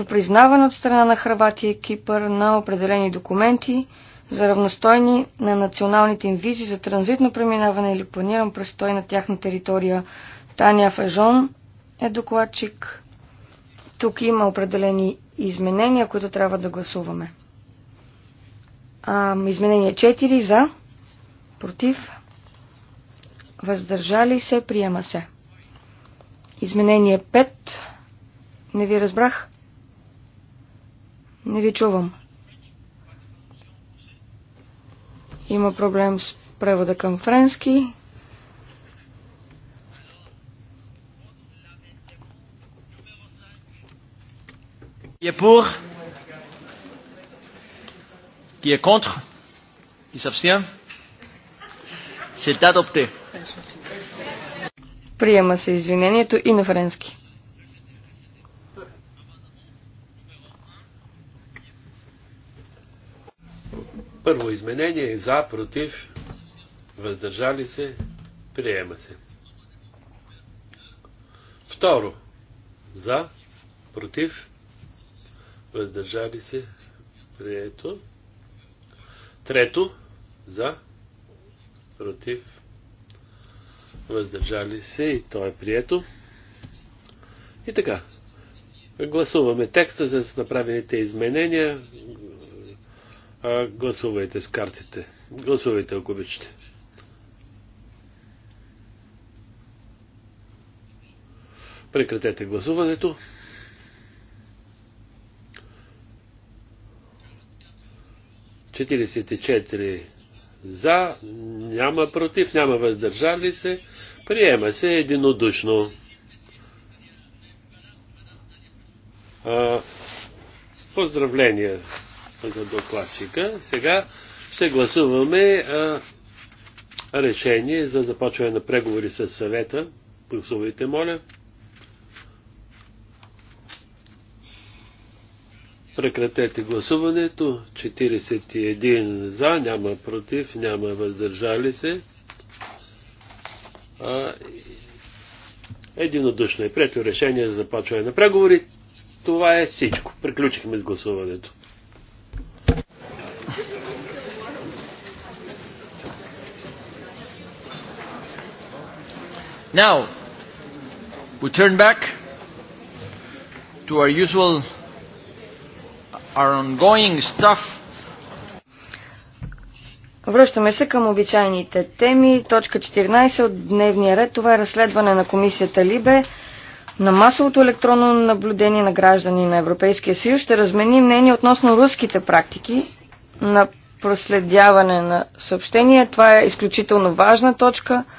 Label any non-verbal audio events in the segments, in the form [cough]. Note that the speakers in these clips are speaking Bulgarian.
до признаване от страна на Хрватия и Кипър на определени документи за равностойни на националните им визи за транзитно преминаване или планиран престой на тяхна територия. Таня Фажон е докладчик. Тук има определени изменения, които трябва да гласуваме. А, изменение 4 за, против, въздържали се, приема се. Изменение 5. Не ви разбрах. Не ви чувам. Има проблем с превода към френски. Qui est pour Qui est contre Qui s'abstient C'est adopté. Приема се извинението и на френски. Първо изменение е за, против, въздържали се, приема се. Второ, за, против, въздържали се, прието. Трето, за, против, въздържали се и то е прието. И така, гласуваме текста за направените изменения. А, гласувайте с картите. Гласувайте, ако обичате. Прекратете гласуването. Четиридесет четири за, няма против, няма въздържали се. Приема се единодушно. А, поздравления за докладчика. Сега ще гласуваме а, решение за започване на преговори с съвета. Гласувайте, моля. Прекратете гласуването. 41 за, няма против, няма въздържали се. А, единодушно е прието решение за започване на преговори. Това е всичко. Приключихме с гласуването. Now, we turn back to our usual, our ongoing stuff. Връщаме се към обичайните теми. Точка 14 от дневния ред. Това е разследване на комисията Либе на масовото електронно наблюдение на граждани на Европейския съюз. Ще размени мнение относно руските практики на проследяване на съобщения. Това е изключително важна точка –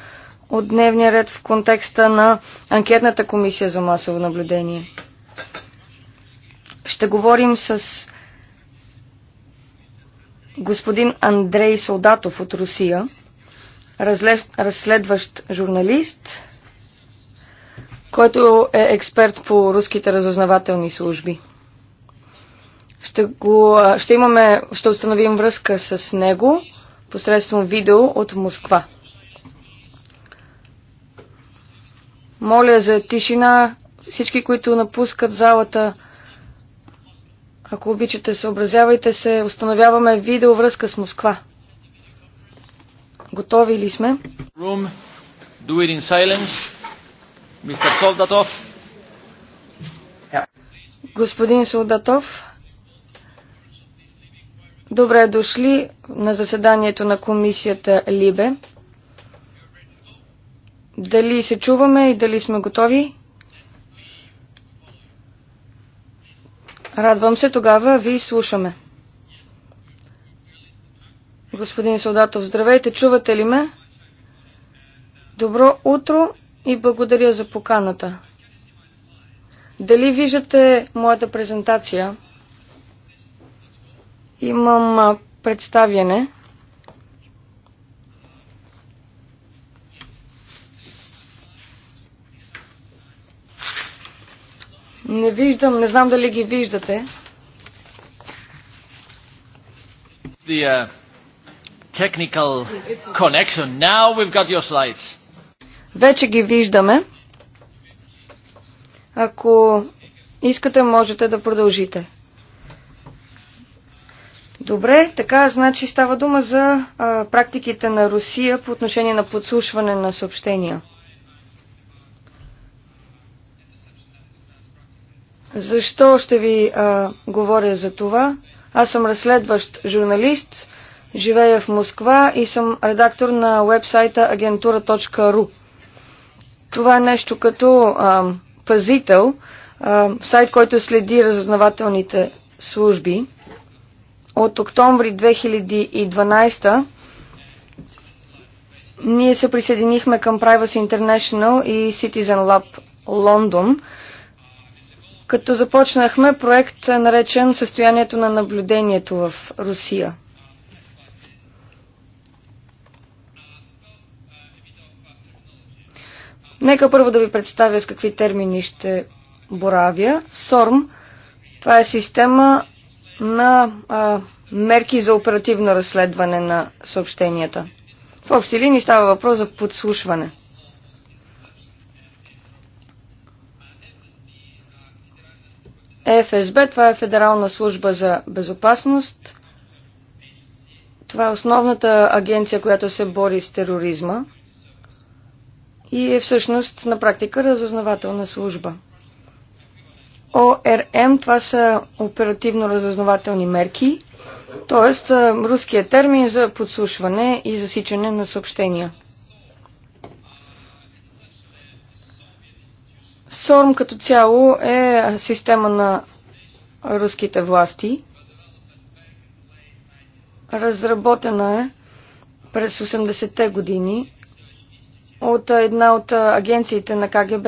от дневния ред в контекста на анкетната комисия за масово наблюдение. Ще говорим с господин Андрей Солдатов от Русия, разследващ журналист, който е експерт по руските разузнавателни служби. Ще, го, ще, имаме, ще установим връзка с него посредством видео от Москва. Моля за тишина всички, които напускат залата. Ако обичате, съобразявайте се. Установяваме видеовръзка с Москва. Готови ли сме? Room. Do it in silence. Mr. Yeah. Господин Солдатов, добре дошли на заседанието на комисията Либе. Дали се чуваме и дали сме готови? Радвам се, тогава ви слушаме. Господин Солдатов, здравейте, чувате ли ме? Добро утро и благодаря за поканата. Дали виждате моята презентация? Имам представяне. Не виждам, не знам дали ги виждате. The, uh, technical connection. Now we've got your slides. Вече ги виждаме. Ако искате, можете да продължите. Добре, така, значи става дума за а, практиките на Русия по отношение на подслушване на съобщения. Защо ще ви а, говоря за това? Аз съм разследващ журналист, живея в Москва и съм редактор на вебсайта агентура.ру. Това е нещо като а, пазител, а, сайт, който следи разузнавателните служби. От октомври 2012 ние се присъединихме към Privacy International и Citizen Lab Лондон – като започнахме проект е наречен Състоянието на наблюдението в Русия. Нека първо да ви представя с какви термини ще боравя. СОРМ – това е система на а, мерки за оперативно разследване на съобщенията. В общи линии става въпрос за подслушване – ФСБ, това е Федерална служба за безопасност. Това е основната агенция, която се бори с тероризма и е всъщност на практика разузнавателна служба. ОРМ това са оперативно разузнавателни мерки, т.е. Е, руският термин за подслушване и засичане на съобщения. СОРМ като цяло е система на руските власти. Разработена е през 80-те години от една от агенциите на КГБ.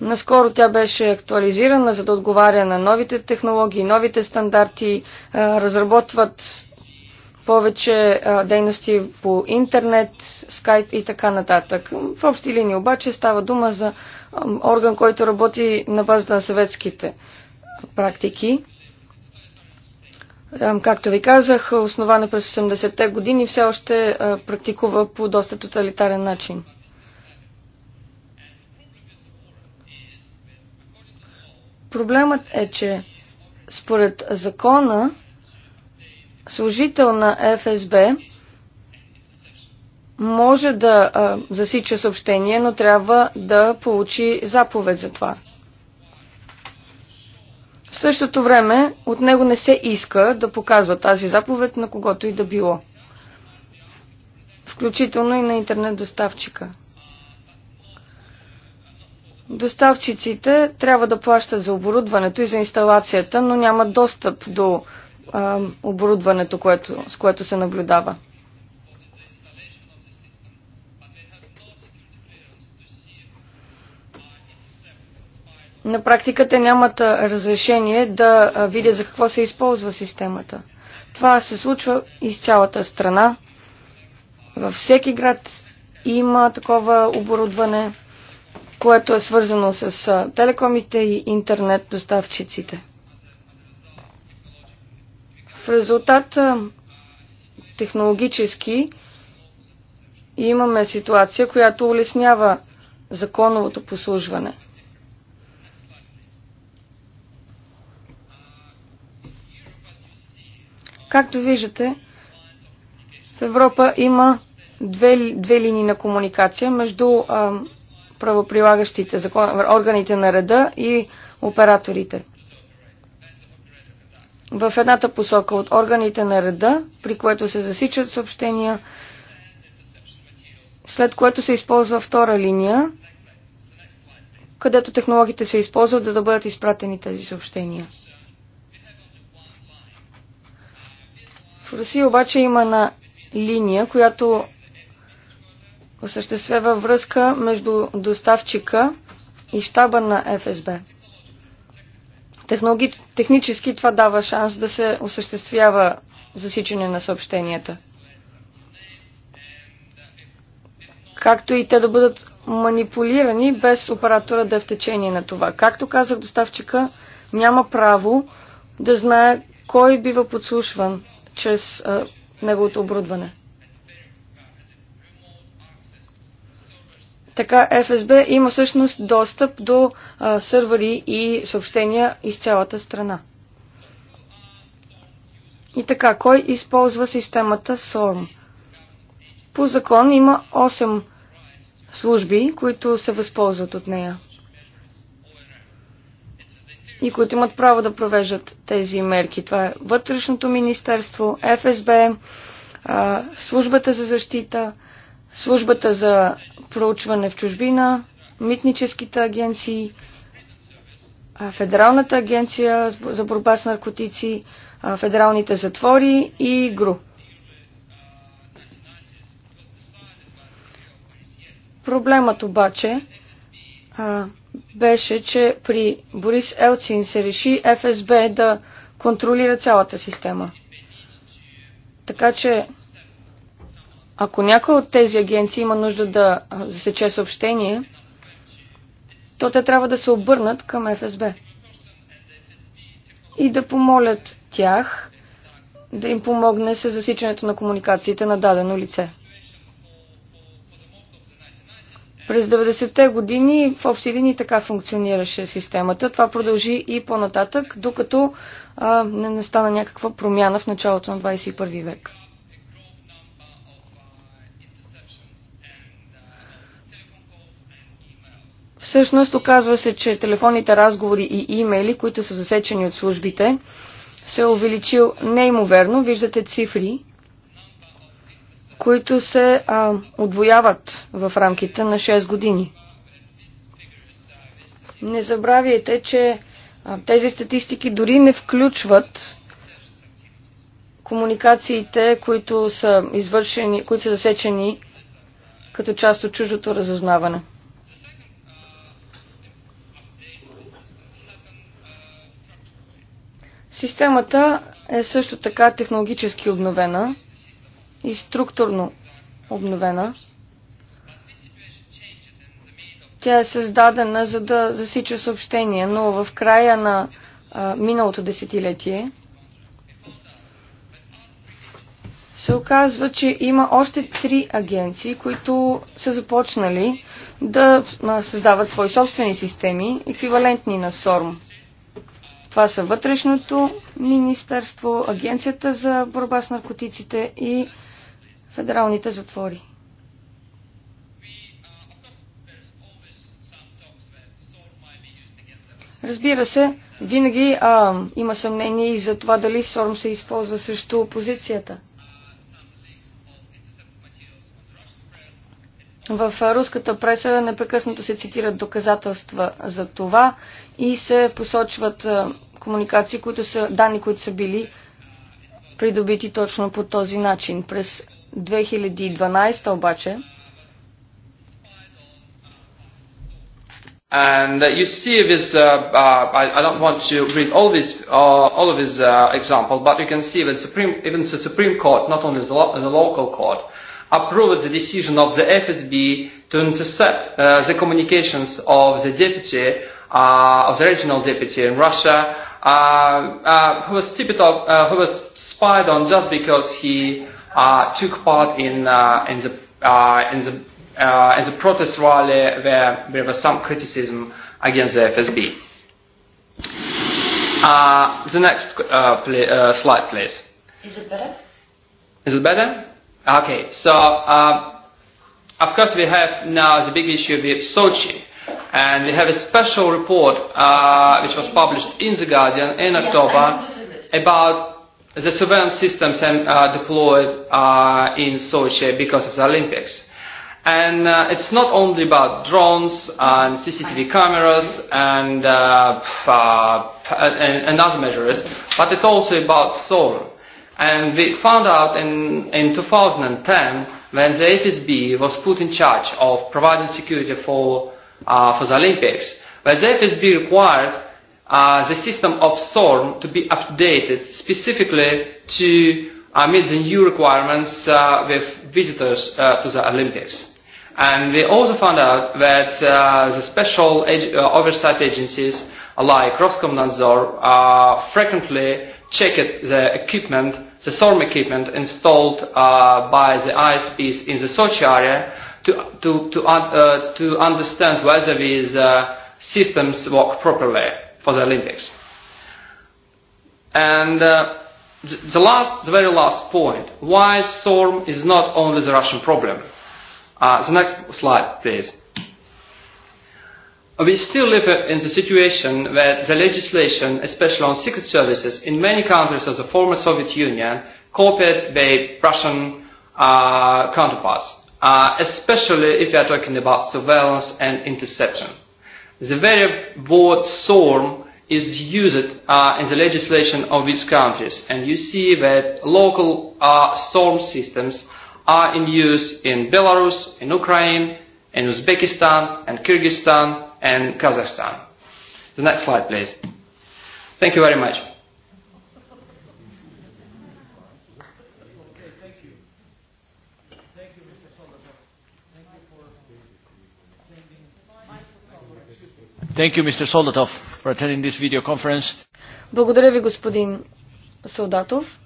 Наскоро тя беше актуализирана, за да отговаря на новите технологии, новите стандарти, разработват повече а, дейности по интернет, скайп и така нататък. В общи линии обаче става дума за а, орган, който работи на базата на съветските практики. А, както ви казах, основана през 80-те години, все още а, практикува по доста тоталитарен начин. Проблемът е, че според закона служител на ФСБ може да а, засича съобщение, но трябва да получи заповед за това. В същото време от него не се иска да показва тази заповед на когото и да било. Включително и на интернет доставчика. Доставчиците трябва да плащат за оборудването и за инсталацията, но нямат достъп до а, оборудването, което, с което се наблюдава. На практика те нямат разрешение да видят за какво се използва системата. Това се случва из цялата страна. Във всеки град има такова оборудване, което е свързано с телекомите и интернет доставчиците. В резултат технологически имаме ситуация, която улеснява законовото послужване. Както виждате, в Европа има две, две линии на комуникация между а, правоприлагащите закон, органите на реда и операторите в едната посока от органите на реда, при което се засичат съобщения, след което се използва втора линия, където технологиите се използват, за да бъдат изпратени тези съобщения. В Русия обаче има една линия, която осъществява връзка между доставчика и щаба на ФСБ. Технологи... Технически това дава шанс да се осъществява засичане на съобщенията. Както и те да бъдат манипулирани без оператора да е в течение на това. Както казах, доставчика няма право да знае кой бива подслушван чрез а, неговото оборудване. Така ФСБ има всъщност достъп до сървъри и съобщения из цялата страна. И така, кой използва системата SORM? По закон има 8 служби, които се възползват от нея и които имат право да провеждат тези мерки. Това е Вътрешното министерство, ФСБ, Службата за защита, службата за проучване в чужбина, митническите агенции, Федералната агенция за борба с наркотици, федералните затвори и ГРУ. Проблемът обаче а, беше, че при Борис Елцин се реши ФСБ да контролира цялата система. Така че ако някой от тези агенции има нужда да засече съобщение, то те трябва да се обърнат към ФСБ и да помолят тях да им помогне с засичането на комуникациите на дадено лице. През 90-те години в общи линии така функционираше системата. Това продължи и по-нататък, докато а, не настана някаква промяна в началото на 21 век. Всъщност оказва се, че телефонните разговори и имейли, които са засечени от службите, се е увеличил неимоверно. Виждате цифри, които се а, отвояват в рамките на 6 години. Не забравяйте, че а, тези статистики дори не включват комуникациите, които са извършени, които са засечени като част от чуждото разузнаване. Системата е също така технологически обновена и структурно обновена. Тя е създадена за да засича съобщения, но в края на а, миналото десетилетие се оказва, че има още три агенции, които са започнали да създават свои собствени системи, еквивалентни на СОРМ. Това са Вътрешното министерство, Агенцията за борба с наркотиците и федералните затвори. Разбира се, винаги а, има съмнение и за това дали СОРМ се използва срещу опозицията. В руската преса непрекъснато се цитират доказателства за това и се посочват комуникации, които са, данни, които са били придобити точно по този начин. През 2012 обаче And uh, you see this, uh, uh, I, I don't want to read all, this, uh, all of his uh, example, but you can see that Supreme, even the Supreme Court, not only the, lo- the local court, uh, approved the decision of the FSB to intercept uh, the communications of the deputy, uh, of the regional deputy in Russia, uh, uh, who was tipped off, uh, who was spied on just because he uh, took part in uh, in the uh, in the uh, in the protest rally where there was some criticism against the FSB. Uh, the next uh, pl- uh, slide, please. Is it better? Is it better? Okay, so um, of course we have now the big issue with Sochi. And we have a special report uh, which was published in The Guardian in October about the surveillance systems and uh, deployed uh, in Sochi because of the Olympics. And uh, it's not only about drones and CCTV cameras and, uh, uh, and, and other measures, but it's also about solar And we found out in, in 2010 when the FSB was put in charge of providing security for, uh, for the Olympics, that the FSB required uh, the system of SORM to be updated specifically to uh, meet the new requirements uh, with visitors uh, to the Olympics. And we also found out that uh, the special ag- uh, oversight agencies like Roskomnadzor uh, frequently checked the equipment the SORM equipment installed uh, by the ISPs in the Sochi area to, to, to, un, uh, to understand whether these uh, systems work properly for the Olympics. And uh, the, the, last, the very last point, why SORM is not only the Russian problem. Uh, the next slide, please. We still live in the situation where the legislation, especially on secret services, in many countries of the former Soviet Union, copied by Russian uh, counterparts, uh, especially if we are talking about surveillance and interception. The very word SORM is used uh, in the legislation of these countries, and you see that local uh, SORM systems are in use in Belarus, in Ukraine, in Uzbekistan, and Kyrgyzstan, and Kazakhstan. The next slide, please. Thank you very much. Thank you, Mr. Soldatov, for attending this video conference. Благодаря ви, господин Солдатов.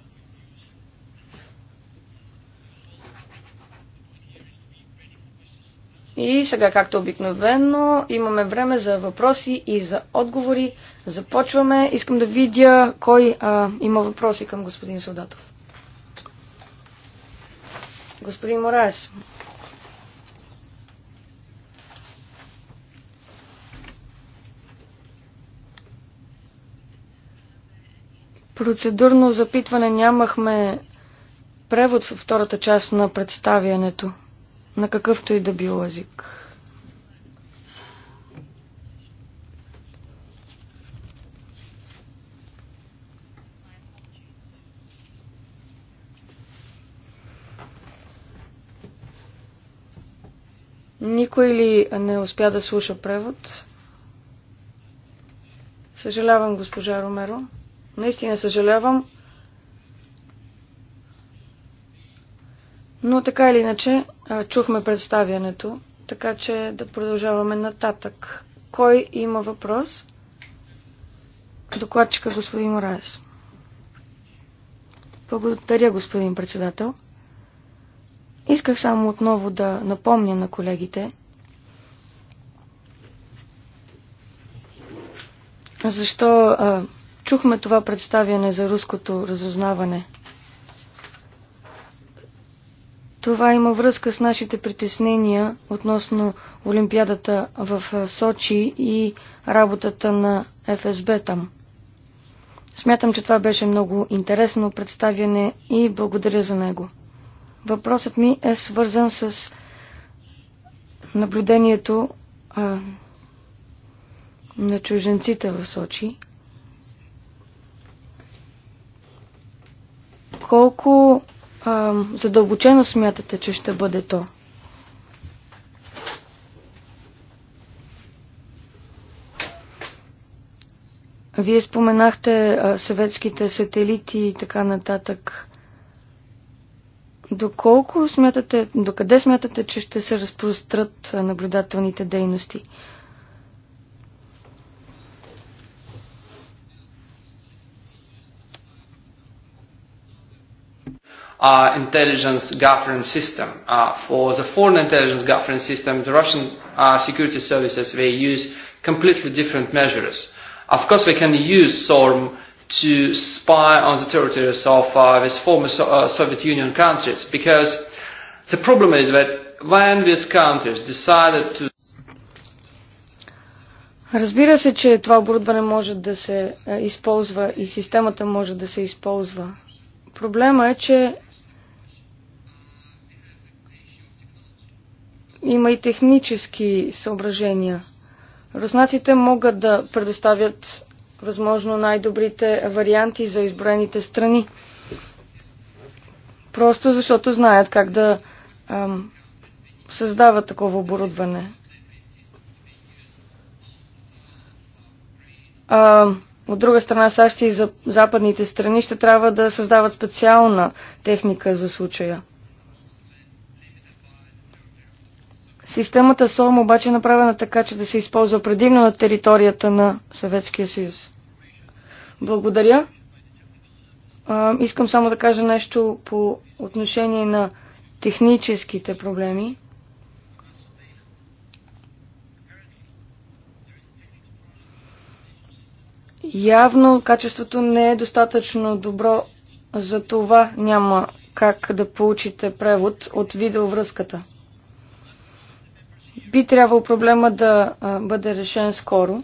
И сега, както обикновено, имаме време за въпроси и за отговори. Започваме. Искам да видя кой а, има въпроси към господин Солдатов. Господин Мораес. Процедурно запитване нямахме превод във втората част на представянето на какъвто и да било език. Никой ли не успя да слуша превод? Съжалявам, госпожа Ромеро. Наистина съжалявам. Но така или иначе, чухме представянето, така че да продължаваме нататък. Кой има въпрос? Докладчика господин Мораес. Благодаря, господин председател. Исках само отново да напомня на колегите, защо а, чухме това представяне за руското разузнаване. Това има връзка с нашите притеснения относно Олимпиадата в Сочи и работата на ФСБ там. Смятам, че това беше много интересно представяне и благодаря за него. Въпросът ми е свързан с наблюдението а, на чуженците в Сочи. Колко задълбочено смятате, че ще бъде то? Вие споменахте а, съветските сателити и така нататък. Доколко смятате, докъде смятате, че ще се разпрострат наблюдателните дейности? uh, intelligence governance system. Uh, for the foreign intelligence governance system, the Russian uh, security services, they use completely different measures. Of course, they can use SORM to spy on the territories of uh, these former so- uh, Soviet Union countries because the problem is that when these countries decided to Разбира се, че това оборудване може да се използва и системата може да се използва. Проблема е, че има и технически съображения. Руснаците могат да предоставят възможно най-добрите варианти за изброените страни. Просто защото знаят как да ам, създават такова оборудване. А, от друга страна, САЩ и за западните страни ще трябва да създават специална техника за случая. Системата СОМ обаче е направена така, че да се използва предимно на територията на Съветския съюз. Благодаря. А, искам само да кажа нещо по отношение на техническите проблеми. Явно качеството не е достатъчно добро, за това няма как да получите превод от видеовръзката. Би трябвало проблема да бъде решен скоро,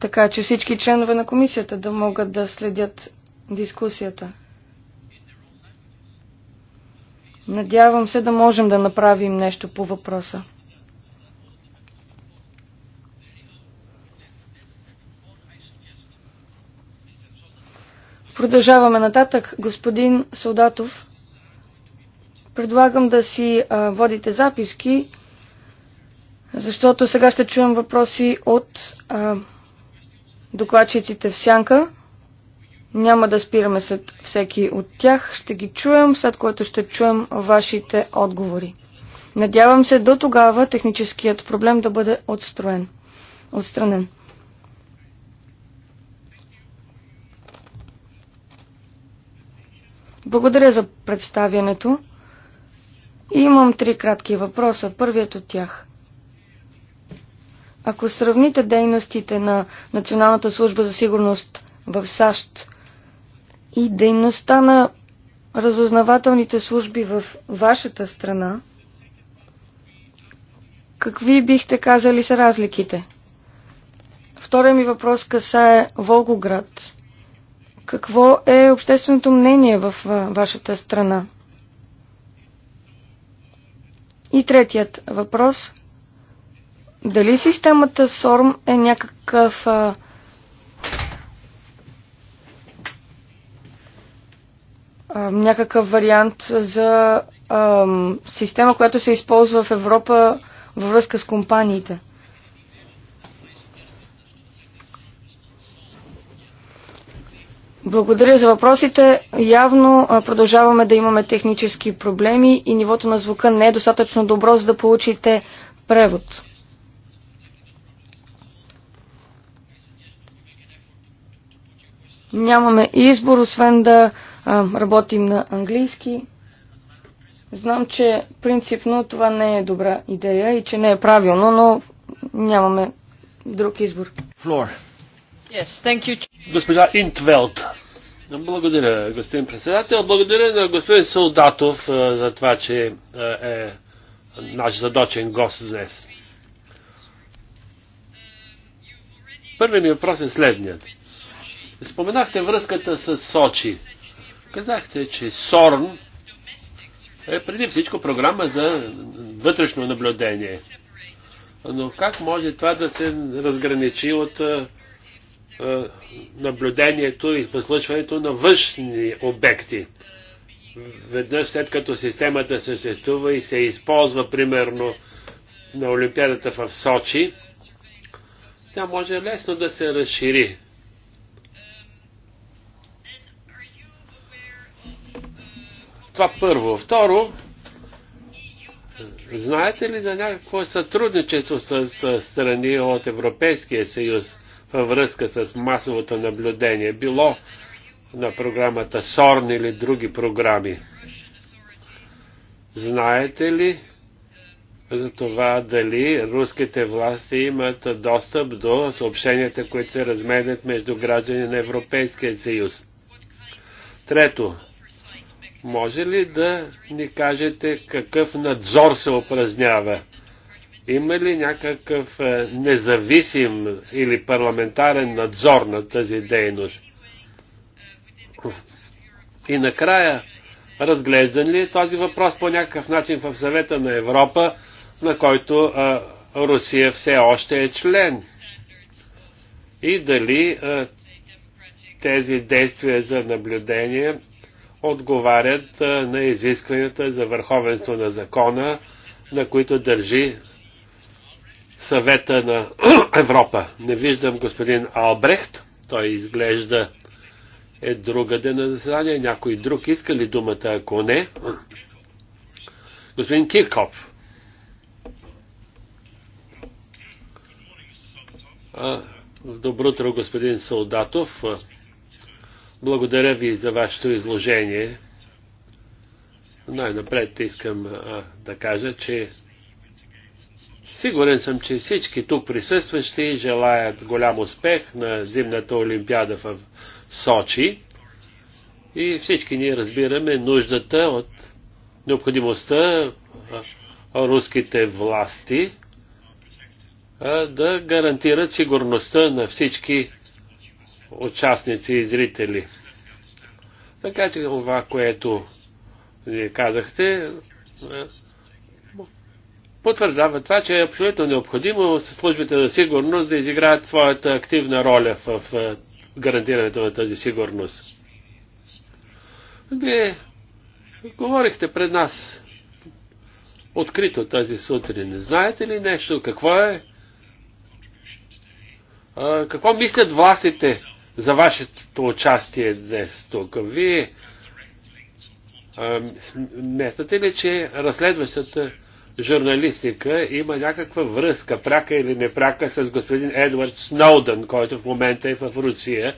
така че всички членове на комисията да могат да следят дискусията. Надявам се да можем да направим нещо по въпроса. Продължаваме нататък. Господин Солдатов Предлагам да си а, водите записки, защото сега ще чуем въпроси от а, докладчиците в сянка. Няма да спираме след всеки от тях. Ще ги чуем, след което ще чуем вашите отговори. Надявам се до тогава техническият проблем да бъде отстроен, отстранен. Благодаря за представянето. Имам три кратки въпроса. Първият от тях. Ако сравните дейностите на Националната служба за сигурност в САЩ и дейността на разузнавателните служби в вашата страна, какви бихте казали са разликите? Втория ми въпрос касае Волгоград. Какво е общественото мнение в вашата страна? И третият въпрос. Дали системата СОРМ е някакъв а, а, някакъв вариант за а, система, която се използва в Европа във връзка с компаниите? Благодаря за въпросите. Явно продължаваме да имаме технически проблеми и нивото на звука не е достатъчно добро, за да получите превод. Нямаме избор, освен да работим на английски. Знам, че принципно това не е добра идея и че не е правилно, но нямаме друг избор. Floor. Yes, Госпожа Интвелт. Благодаря, господин председател. Благодаря на господин Солдатов за това, че е наш задочен гост днес. Първият ми въпрос е следният. Споменахте връзката с Сочи. Казахте, че СОРН е преди всичко програма за вътрешно наблюдение. Но как може това да се разграничи от е, наблюдението и послушването на външни обекти. Веднъж след като системата съществува и се използва примерно на Олимпиадата в Сочи, тя може лесно да се разшири. Това първо. Второ, знаете ли за някакво сътрудничество с страни от Европейския съюз? във връзка с масовото наблюдение, било на програмата СОРН или други програми. Знаете ли за това дали руските власти имат достъп до съобщенията, които се разменят между граждани на Европейския съюз? Трето, може ли да ни кажете какъв надзор се упражнява? Има ли някакъв е, независим или парламентарен надзор на тази дейност? И накрая, разглеждан ли е този въпрос по някакъв начин в съвета на Европа, на който а, е, Русия все още е член? И дали а, е, тези действия за наблюдение отговарят а, на изискванията за върховенство на закона, на които държи съвета на [clears throat] Европа. Не виждам господин Албрехт. Той изглежда е друга ден на заседание. Някой друг иска ли думата, ако не? Господин Кирков. Добро утро, господин Солдатов. Благодаря ви за вашето изложение. Най-напред искам а, да кажа, че Сигурен съм, че всички тук присъстващи желаят голям успех на зимната олимпиада в Сочи и всички ние разбираме нуждата от необходимостта руските власти да гарантират сигурността на всички участници и зрители. Така че това, което казахте, потвърждава това, че е абсолютно необходимо службите за сигурност да изиграят своята активна роля в гарантирането на тази сигурност. Вие говорихте пред нас открито тази сутрин. Знаете ли нещо? Какво е? какво мислят властите за вашето участие днес тук? Вие а, ли, че разследващата журналистика има някаква връзка, пряка или непряка, с господин Едвард Сноудън, който в момента е в Русия.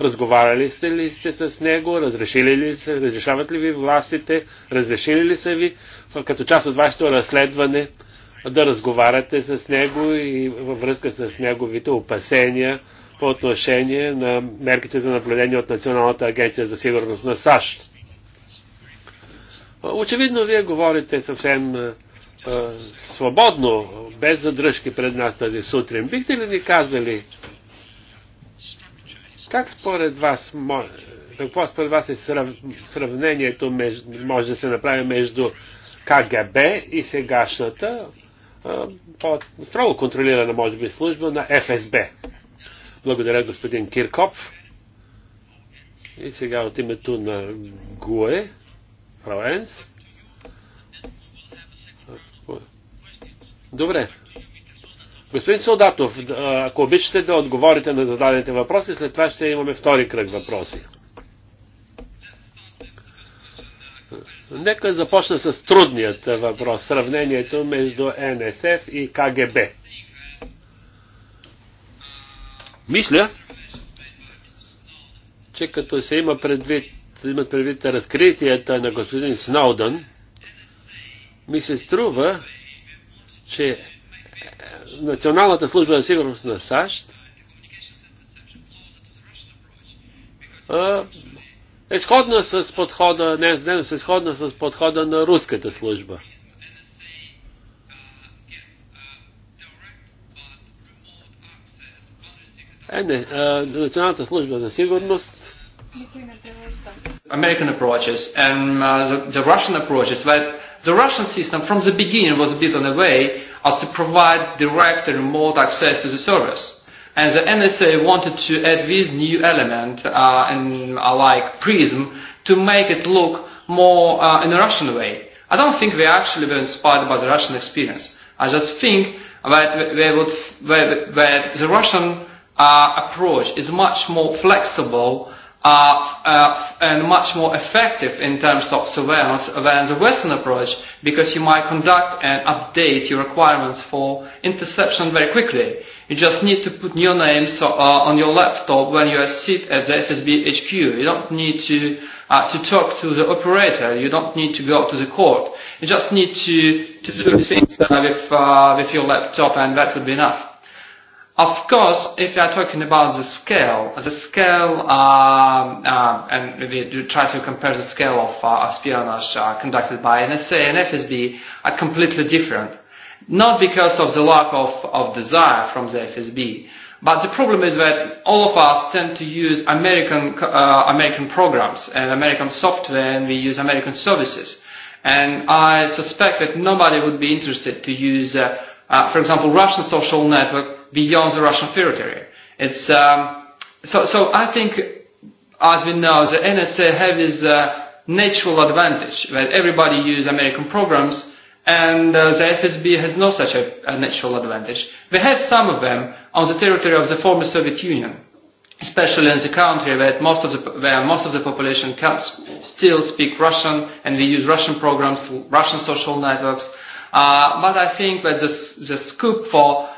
Разговаряли сте ли сте с него? Разрешили ли се? Разрешават ли ви властите? Разрешили ли са ви като част от вашето разследване да разговаряте с него и във връзка с неговите опасения по отношение на мерките за наблюдение от Националната агенция за сигурност на САЩ? Очевидно, вие говорите съвсем свободно, без задръжки пред нас тази сутрин, бихте ли ни казали как според вас, какво според вас е срав, сравнението може да се направи между КГБ и сегашната по-строго контролирана, може би, служба на ФСБ. Благодаря, господин Кирков. И сега от името на ГУЕ, Фрауенс. Добре. Господин Солдатов, ако обичате да отговорите на зададените въпроси, след това ще имаме втори кръг въпроси. Нека започна с трудният въпрос, сравнението между НСФ и КГБ. Мисля, че като се има предвид, имат предвид разкритията на господин Сноудън, ми се струва, че е, Националната служба за сигурност на САЩ е сходна с подхода, не, не, е сходна с подхода на руската служба. Е, не, а, Националната служба за сигурност American approaches and uh, the, the Russian approaches, where the Russian system from the beginning was built in a way as to provide direct and remote access to the service. And the NSA wanted to add this new element, uh, and uh, like prism, to make it look more uh, in a Russian way. I don't think they actually were inspired by the Russian experience. I just think that they would, that, that the Russian uh, approach is much more flexible uh, uh, and much more effective in terms of surveillance than the Western approach because you might conduct and update your requirements for interception very quickly. You just need to put your name so, uh, on your laptop when you sit at the FSB HQ. You don't need to, uh, to talk to the operator. You don't need to go to the court. You just need to, to do things uh, with, uh, with your laptop and that would be enough. Of course, if you are talking about the scale, the scale, um, uh, and we do try to compare the scale of uh, espionage uh, conducted by NSA and FSB, are completely different. Not because of the lack of, of desire from the FSB, but the problem is that all of us tend to use American, uh, American programs and American software, and we use American services. And I suspect that nobody would be interested to use, uh, uh, for example, Russian social network beyond the Russian territory. It's, um, so, so I think, as we know, the NSA have this uh, natural advantage that everybody uses American programs and uh, the FSB has no such a, a natural advantage. They have some of them on the territory of the former Soviet Union, especially in the country where most of the, where most of the population can still speak Russian and we use Russian programs, Russian social networks. Uh, but I think that the, the scoop for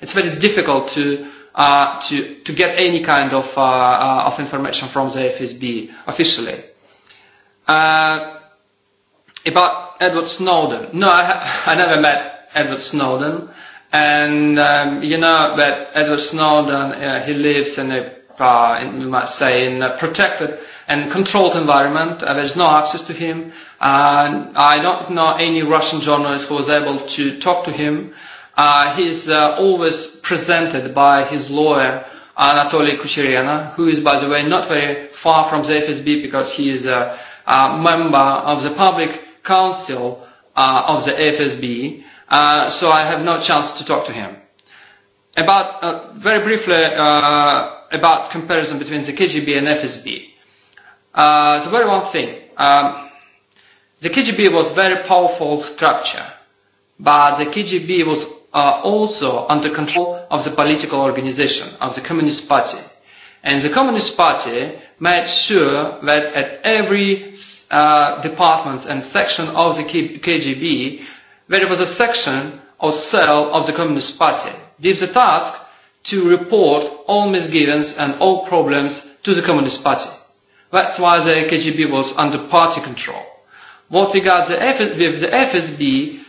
it's very difficult to uh, to to get any kind of uh, uh, of information from the FSB officially. Uh, about Edward Snowden, no, I, ha- I never met Edward Snowden, and um, you know that Edward Snowden uh, he lives in a uh, in, we must say in a protected and controlled environment. Uh, there's no access to him. Uh, I don't know any Russian journalist who was able to talk to him. Uh, he's uh, always presented by his lawyer, Anatoly Kucherena, who is, by the way, not very far from the FSB because he is a, a member of the public council uh, of the FSB. Uh, so I have no chance to talk to him. About, uh, very briefly, uh, about comparison between the KGB and FSB. Uh, the very one thing, um, the KGB was very powerful structure, but the KGB was are also under control of the political organization of the Communist Party. And the Communist Party made sure that at every uh, department and section of the KGB, there was a section or cell of the Communist Party, with the task to report all misgivings and all problems to the Communist Party. That's why the KGB was under party control. What we got the F- with the FSB,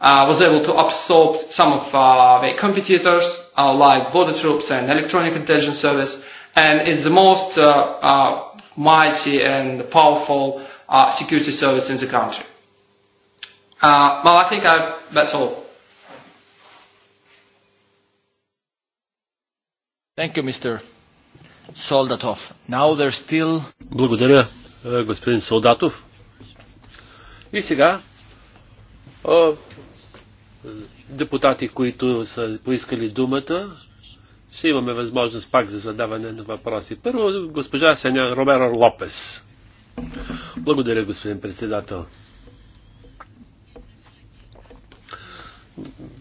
uh, was able to absorb some of uh, their competitors, uh, like border troops and electronic intelligence service, and is the most uh, uh, mighty and powerful uh, security service in the country. Uh, well, I think I, that's all. Thank you, Mr. Soldatov. Now there's still... Благодаря, господин Солдатов. И сега депутати, които са поискали думата. Ще имаме възможност пак за задаване на въпроси. Първо, госпожа Сеня Ромеро Лопес. Благодаря, господин председател.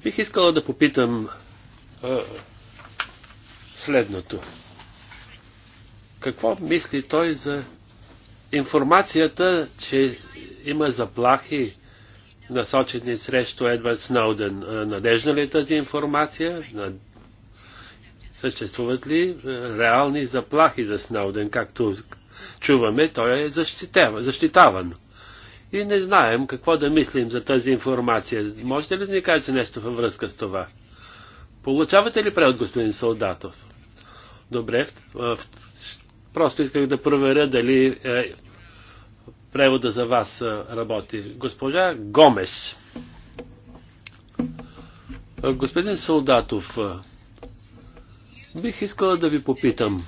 Бих искала да попитам а, следното. Какво мисли той за информацията, че има заплахи насочени срещу Едвард Сноуден. Надежна ли е тази информация? Съществуват ли реални заплахи за Сноуден? Както чуваме, той е защитаван. И не знаем какво да мислим за тази информация. Можете ли да ни кажете нещо във връзка с това? Получавате ли превод, господин Солдатов? Добре, просто исках да проверя дали е, превода за вас работи. Госпожа Гомес. Господин Солдатов, бих искала да ви попитам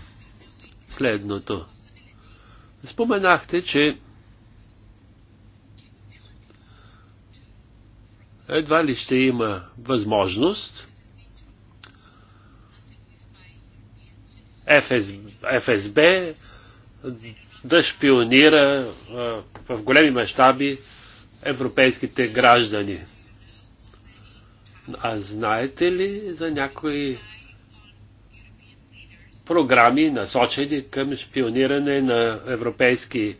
следното. Споменахте, че едва ли ще има възможност ФСБ да шпионира в големи мащаби европейските граждани. А знаете ли за някои програми, насочени към шпиониране на европейски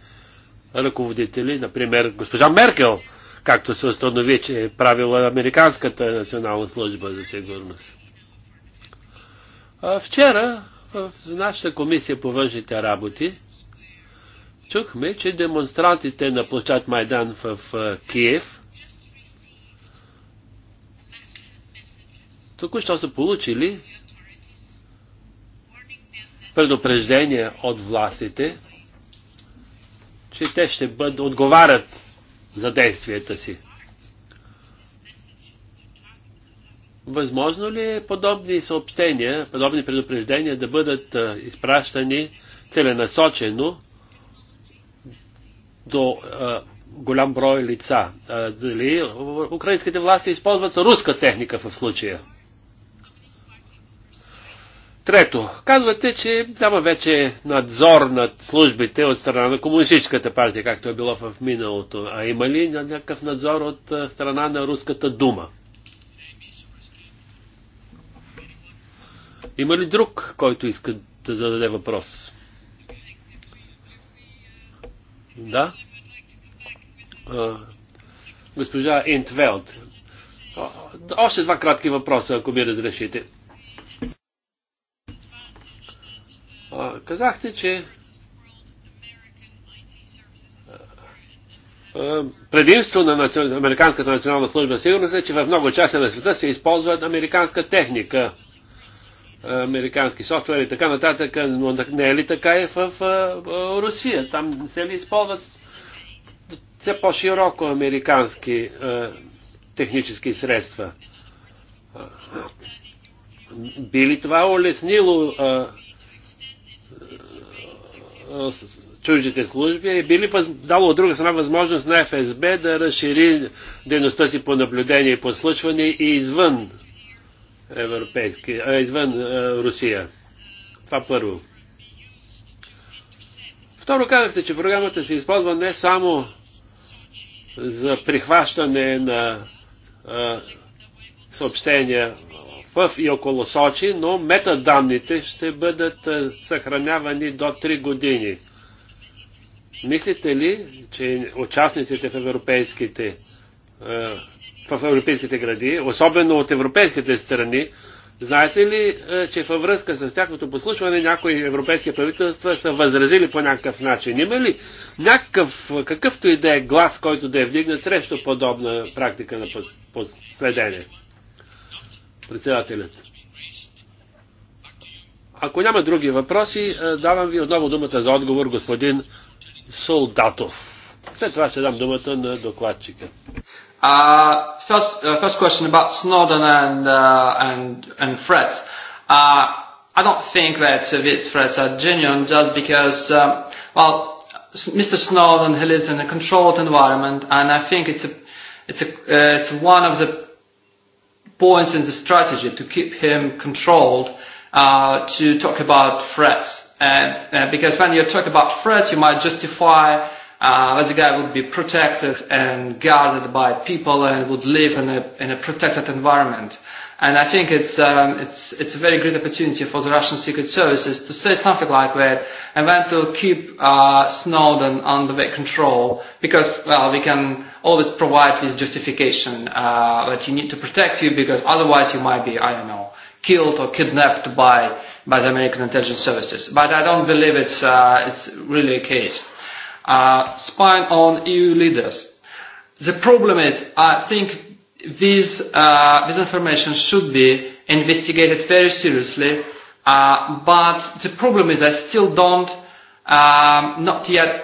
ръководители, например госпожа Меркел, както се установи, че е правила Американската национална служба за сигурност. А вчера в нашата комисия по външните работи чухме, че демонстрантите на площад Майдан в Киев току-що са получили предупреждение от властите, че те ще бъд, отговарят за действията си. Възможно ли е подобни съобщения, подобни предупреждения да бъдат изпращани целенасочено до е, голям брой лица. Е, дали украинските власти използват руска техника в случая? Трето, казвате, че няма вече надзор над службите от страна на Комунистическата партия, както е било в миналото, а има ли някакъв надзор от е, страна на Руската дума? Има ли друг, който иска да зададе въпрос? Да. А, госпожа Интвелд. Още два кратки въпроса, ако ми разрешите. А, казахте, че предимство на Американската национална служба сигурност е, че в много части на света се използва американска техника американски софтуер и така нататък, но не е ли така и в Русия? Там не се ли използват все по-широко американски технически средства? Би ли това улеснило чуждите служби и би ли дало от друга страна възможност на ФСБ да разшири дейността си по наблюдение и подслушване и извън европейски, а, извън Русия. Това първо. Второ казахте, че програмата се използва не само за прихващане на а, съобщения в и около Сочи, но метаданните ще бъдат съхранявани до 3 години. Мислите ли, че участниците в европейските а, в европейските гради, особено от европейските страни. Знаете ли, е, че във връзка с тяхното послушване някои европейски правителства са възразили по някакъв начин? Има ли някакъв, какъвто и да е глас, който да е вдигнат срещу подобна практика на последение? Председателят. Ако няма други въпроси, е, давам ви отново думата за отговор, господин Солдатов. След това ще дам думата на докладчика. Uh, first, uh, first question about Snowden and, uh, and, and threats. Uh, I don't think that these threats are genuine just because, um, well, Mr. Snowden, he lives in a controlled environment, and I think it's, a, it's, a, uh, it's one of the points in the strategy to keep him controlled uh, to talk about threats. And, uh, because when you talk about threats, you might justify uh, the guy would be protected and guarded by people and would live in a, in a protected environment. And I think it's, um, it's, it's a very great opportunity for the Russian secret services to say something like that and then to keep uh, Snowden under their control because, well, we can always provide this justification uh, that you need to protect you because otherwise you might be, I don't know, killed or kidnapped by, by the American intelligence services. But I don't believe it's, uh, it's really a case uh, spying on EU leaders. The problem is, I think this, uh, this information should be investigated very seriously, uh, but the problem is I still don't, um, not yet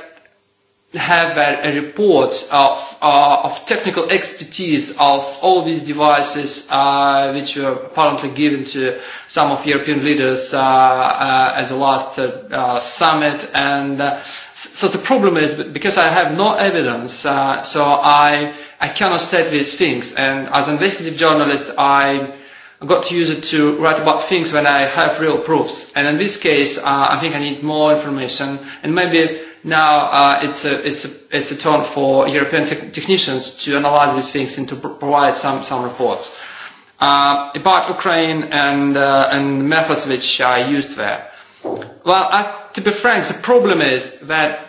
have a, a report of, uh, of technical expertise of all these devices uh, which were apparently given to some of European leaders uh, uh, at the last uh, uh, summit and uh, so the problem is because I have no evidence, uh, so I I cannot state these things. And as an investigative journalist, I got to use it to write about things when I have real proofs. And in this case, uh, I think I need more information. And maybe now uh, it's a it's a it's a turn for European te- technicians to analyze these things and to pr- provide some some reports uh, about Ukraine and uh, and methods which are used there. Well, I to be frank, the problem is that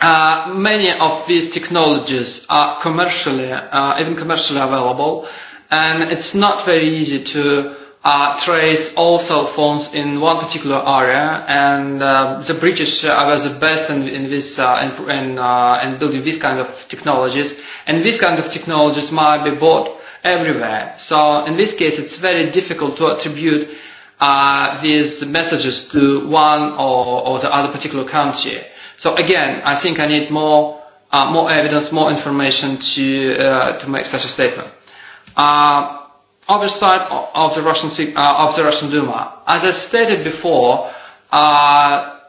uh, many of these technologies are commercially, uh, even commercially available, and it's not very easy to uh, trace all cell phones in one particular area, and uh, the British uh, were the best in, in this uh, in, in, uh, in building these kind of technologies, and these kind of technologies might be bought everywhere. So in this case, it's very difficult to attribute uh, these messages to one or, or the other particular country. So again, I think I need more uh, more evidence, more information to uh, to make such a statement. Uh, other side of the Russian uh, of the Russian Duma, as I stated before, uh, uh,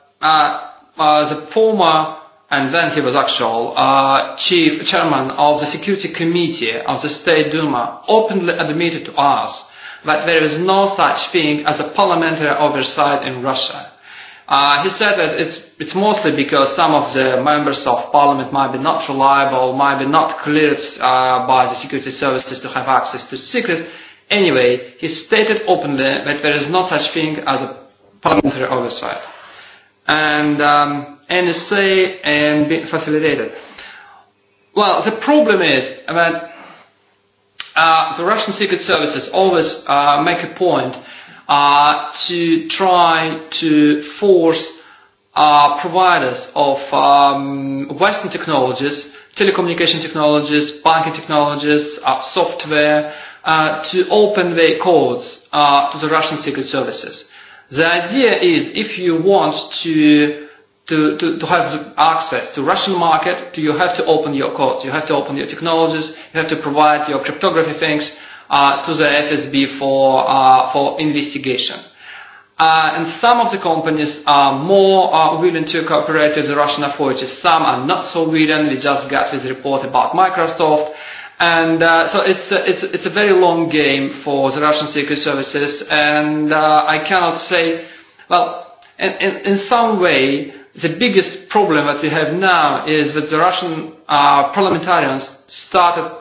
uh, the former and then he was actual uh, chief chairman of the security committee of the State Duma openly admitted to us that there is no such thing as a parliamentary oversight in Russia. Uh, he said that it's, it's mostly because some of the members of parliament might be not reliable, might be not cleared uh, by the security services to have access to secrets. Anyway, he stated openly that there is no such thing as a parliamentary oversight. And um, NSA and being facilitated. Well, the problem is that uh, the Russian secret services always uh, make a point uh, to try to force uh, providers of um, Western technologies, telecommunication technologies, banking technologies, uh, software, uh, to open their codes uh, to the Russian secret services. The idea is if you want to to, to, to have access to Russian market, to, you have to open your codes, you have to open your technologies, you have to provide your cryptography things uh, to the FSB for, uh, for investigation. Uh, and some of the companies are more uh, willing to cooperate with the Russian authorities. Some are not so willing. We just got this report about Microsoft. And uh, so it's a, it's, it's a very long game for the Russian secret services. And uh, I cannot say, well, in, in, in some way, the biggest problem that we have now is that the Russian uh, parliamentarians started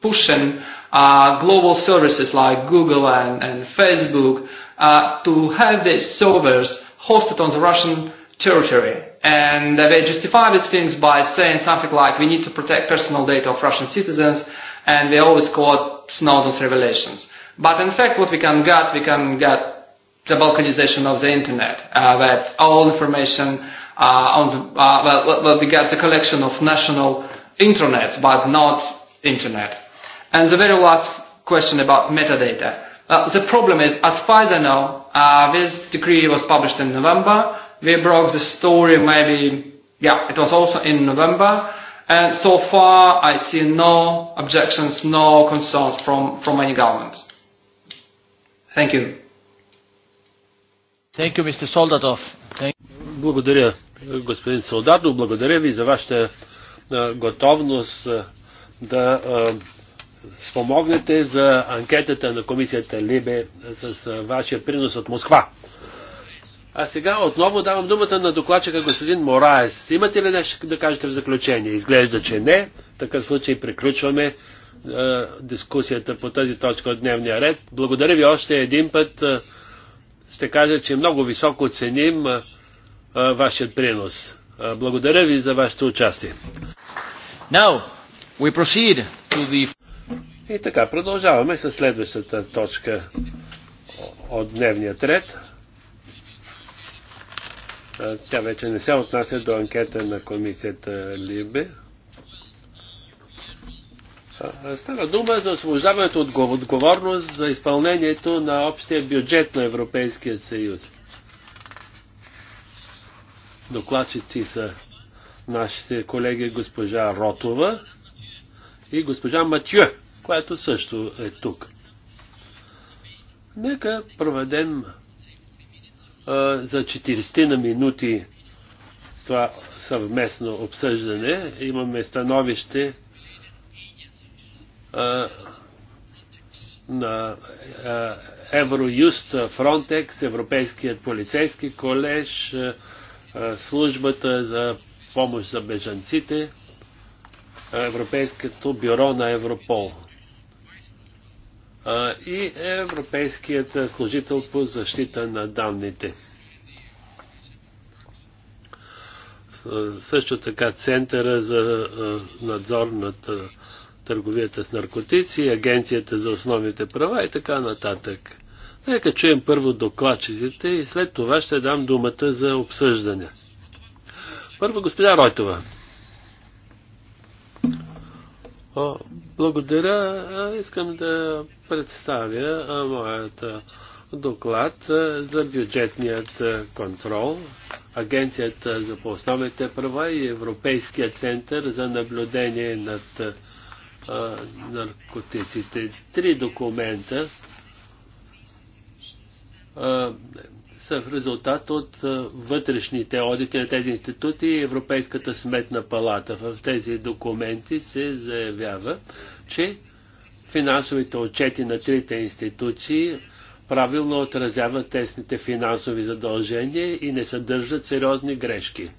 pushing uh, global services like Google and, and Facebook uh, to have these servers hosted on the Russian territory. And they justify these things by saying something like, we need to protect personal data of Russian citizens, and they always quote Snowden's revelations. But in fact, what we can get, we can get the balkanization of the internet, uh, that all information uh, on the, uh, well, well, we get the collection of national intranets, but not internet. And the very last question about metadata. Uh, the problem is, as far as I know, uh, this decree was published in November. We broke the story maybe, yeah, it was also in November. And so far, I see no objections, no concerns from, from any government. Thank you. Thank you, Mr. Soldatov. Thank you. Благодаря, господин Солдатно. Благодаря ви за вашата готовност да спомогнете за анкетата на комисията Либе с вашия принос от Москва. А сега отново давам думата на докладчика господин Мораес. Имате ли нещо да кажете в заключение? Изглежда, че не. В такъв случай приключваме е, дискусията по тази точка от дневния ред. Благодаря ви още един път. Ще кажа, че много високо ценим вашият принос. Благодаря ви за вашето участие. Now, we proceed to the... И така, продължаваме с следващата точка от дневния ред. Тя вече не се отнася до анкета на комисията Либе. Става дума за освобождаването от отговорност за изпълнението на общия бюджет на Европейския съюз. Докладчици са нашите колеги госпожа Ротова и госпожа Матю, която също е тук. Нека проведем а, за 40 на минути това съвместно обсъждане. Имаме становище а, на Евроюст, Фронтекс, Европейският полицейски колеж, а, службата за помощ за бежанците, Европейското бюро на Европол и Европейският служител по защита на данните. Също така Центъра за надзор над търговията с наркотици, Агенцията за основните права и така нататък. Нека чуем първо докладчиците и след това ще дам думата за обсъждане. Първо господа Ройтова. О, благодаря. Искам да представя моят доклад за бюджетният контрол, Агенцията за по основните права и Европейския център за наблюдение над наркотиците. Три документа са в резултат от вътрешните одити на тези институти и Европейската сметна палата. В тези документи се заявява, че финансовите отчети на трите институции правилно отразяват тесните финансови задължения и не съдържат сериозни грешки.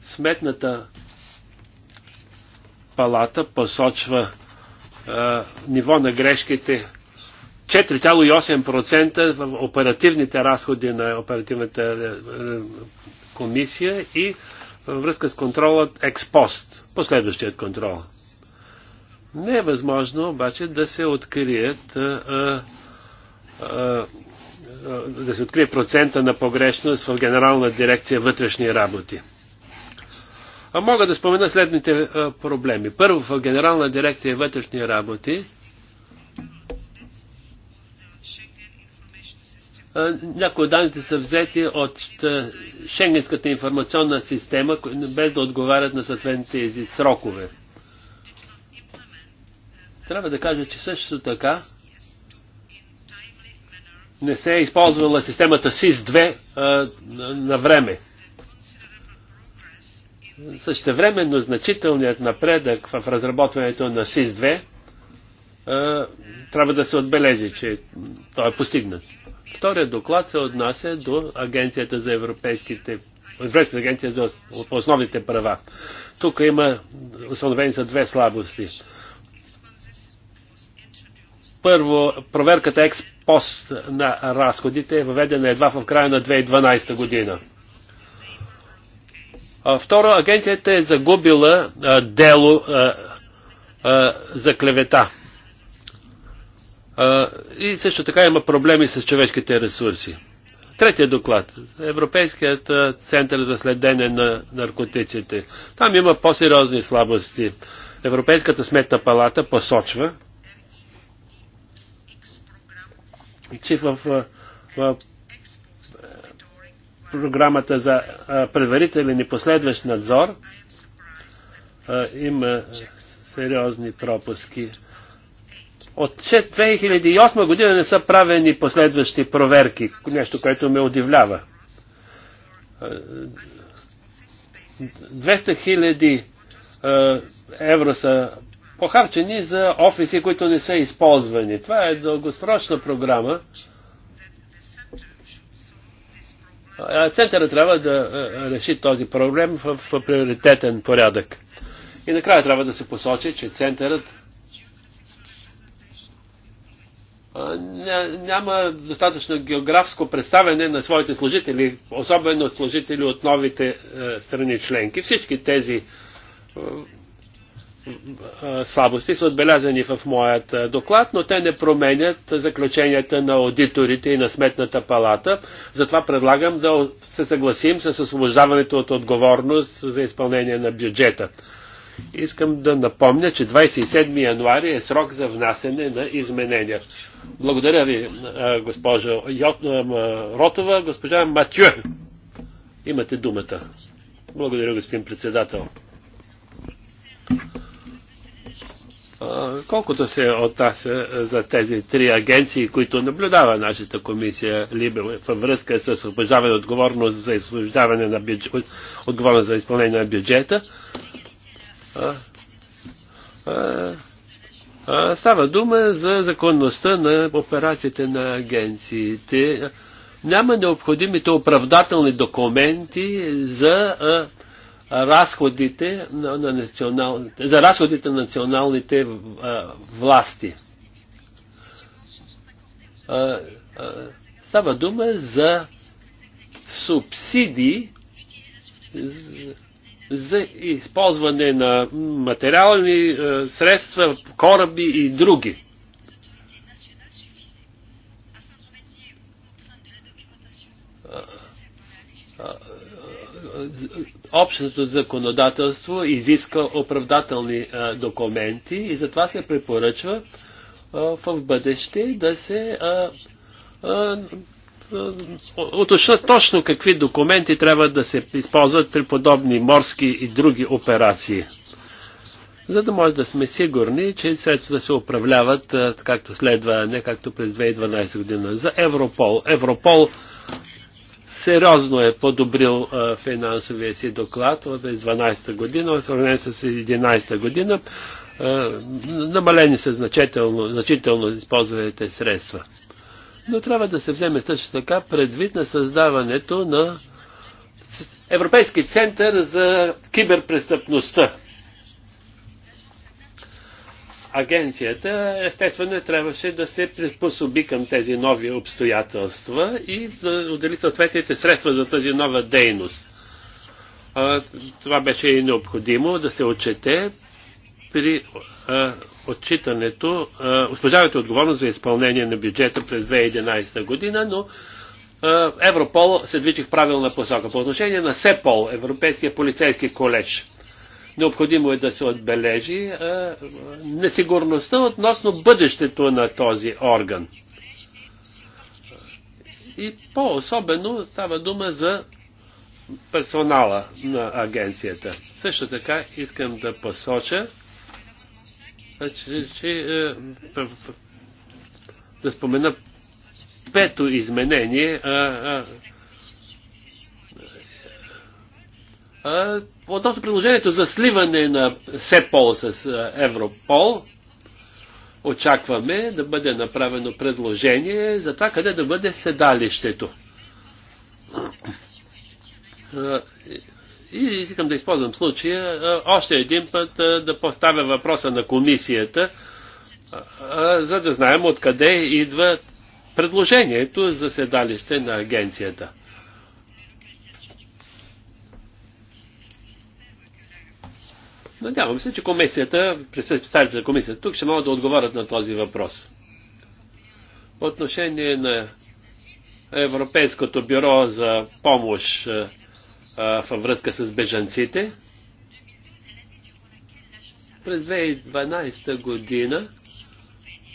Сметната палата посочва а, ниво на грешките 4,8% в оперативните разходи на оперативната е, е, комисия и е, във връзка с контролът експост, последващият контрол. Не е възможно обаче да се открият да се открие процента на погрешност в Генерална дирекция вътрешни работи. А мога да спомена следните проблеми. Първо, в Генерална дирекция вътрешни работи Някои от данните са взети от Шенгенската информационна система, без да отговарят на съответните срокове. Трябва да кажа, че също така не се е използвала системата SIS-2 на време. Същевременно значителният напредък в разработването на SIS-2 трябва да се отбележи, че той е постигнат. Вторият доклад се отнася до Агенцията за европейските Европейската агенция за основните права. Тук има, установени са две слабости. Първо, проверката експост на разходите е въведена едва в края на 2012 година. Второ, агенцията е загубила а, дело а, а, за клевета и също така има проблеми с човешките ресурси. Третия доклад. Европейският център за следене на наркотиците. Там има по-сериозни слабости. Европейската сметна палата посочва, че в, в програмата за предварителен и последващ надзор има сериозни пропуски. От 2008 година не са правени последващи проверки, нещо, което ме удивлява. 200 хиляди евро са похарчени за офиси, които не са използвани. Това е дългосрочна програма. Центъра трябва да реши този проблем в приоритетен порядък. И накрая трябва да се посочи, че центърът няма достатъчно географско представяне на своите служители, особено служители от новите е, страни членки. Всички тези е, е, слабости са отбелязани в моят доклад, но те не променят заключенията на аудиторите и на Сметната палата. Затова предлагам да се съгласим с освобождаването от отговорност за изпълнение на бюджета. Искам да напомня, че 27 януари е срок за внасене на изменения. Благодаря ви, госпожо Ротова. Госпожа Матю, имате думата. Благодаря, господин председател. Колкото се отнася за тези три агенции, които наблюдава нашата комисия Либе във връзка с освобождаване отговорност за освобождаване на бюджет, отговорност за изпълнение на бюджета, а, а, Става дума за законността на операциите на агенциите. Няма необходимите оправдателни документи за разходите на, на националните, за разходите на националните власти. става дума за субсидии, за използване на материални е, средства, кораби и други. Общото законодателство изисква оправдателни е, документи и затова се препоръчва е, в бъдеще да се уточнят точно какви документи трябва да се използват при подобни морски и други операции, за да може да сме сигурни, че средствата да се управляват както следва, не както през 2012 година. За Европол. Европол сериозно е подобрил финансовия си доклад в 2012 година, в сравнение с 11 година. намалени са значително, значително използваните средства но трябва да се вземе също така предвид на създаването на Европейски център за киберпрестъпността. Агенцията естествено трябваше да се приспособи към тези нови обстоятелства и да отдели съответните средства за тази нова дейност. Това беше и необходимо да се отчете при отчитането, освобождавате е отговорност за изпълнение на бюджета през 2011 година, но Европол се движи в правилна посока. По отношение на СЕПОЛ, Европейския полицейски колеж, необходимо е да се отбележи несигурността относно бъдещето на този орган. И по-особено става дума за персонала на агенцията. Също така искам да посоча, Значи, че, е, да спомена пето изменение, а, а, а, относно предложението за сливане на СЕПОЛ с а, Европол, очакваме да бъде направено предложение за това къде да бъде седалището. И искам да използвам случая още един път да поставя въпроса на комисията, за да знаем откъде идва предложението за седалище на агенцията. Надявам се, че комисията, представителите на комисията тук ще могат да отговорят на този въпрос. По отношение на Европейското бюро за помощ във връзка с бежанците. През 2012 година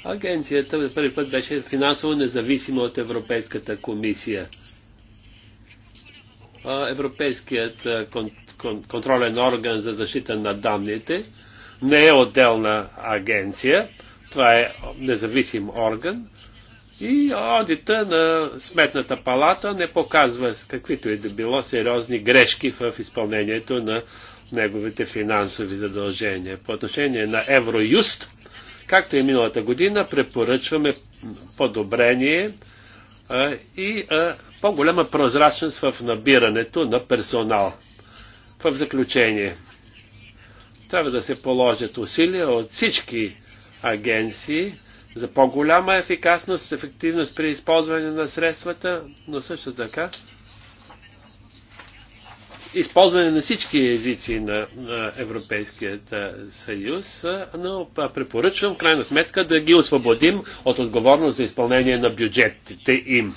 агенцията за първи път беше финансово независима от Европейската комисия. Европейският контролен орган за защита на данните не е отделна агенция, това е независим орган, и одита на Сметната палата не показва каквито и е да било сериозни грешки в изпълнението на неговите финансови задължения. По отношение на Евроюст, както и миналата година, препоръчваме подобрение а, и по-голяма прозрачност в набирането на персонал. В заключение, трябва да се положат усилия от всички агенции, за по-голяма ефикасност, ефективност при използване на средствата, но също така използване на всички езици на, на Европейският съюз, но препоръчвам в крайна сметка да ги освободим от отговорност за изпълнение на бюджетите им.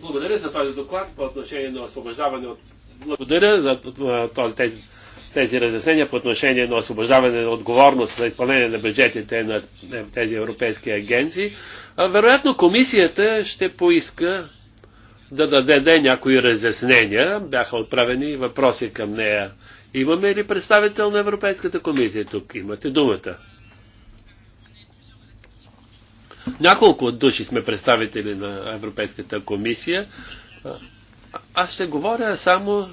Благодаря за този доклад по отношение на освобождаване от. Благодаря за този тези тези разяснения по отношение на освобождаване на отговорност за изпълнение на бюджетите на тези европейски агенции, вероятно комисията ще поиска да даде някои разяснения. Бяха отправени въпроси към нея. Имаме ли представител на Европейската комисия тук? Имате думата. Няколко души сме представители на Европейската комисия. Аз ще говоря само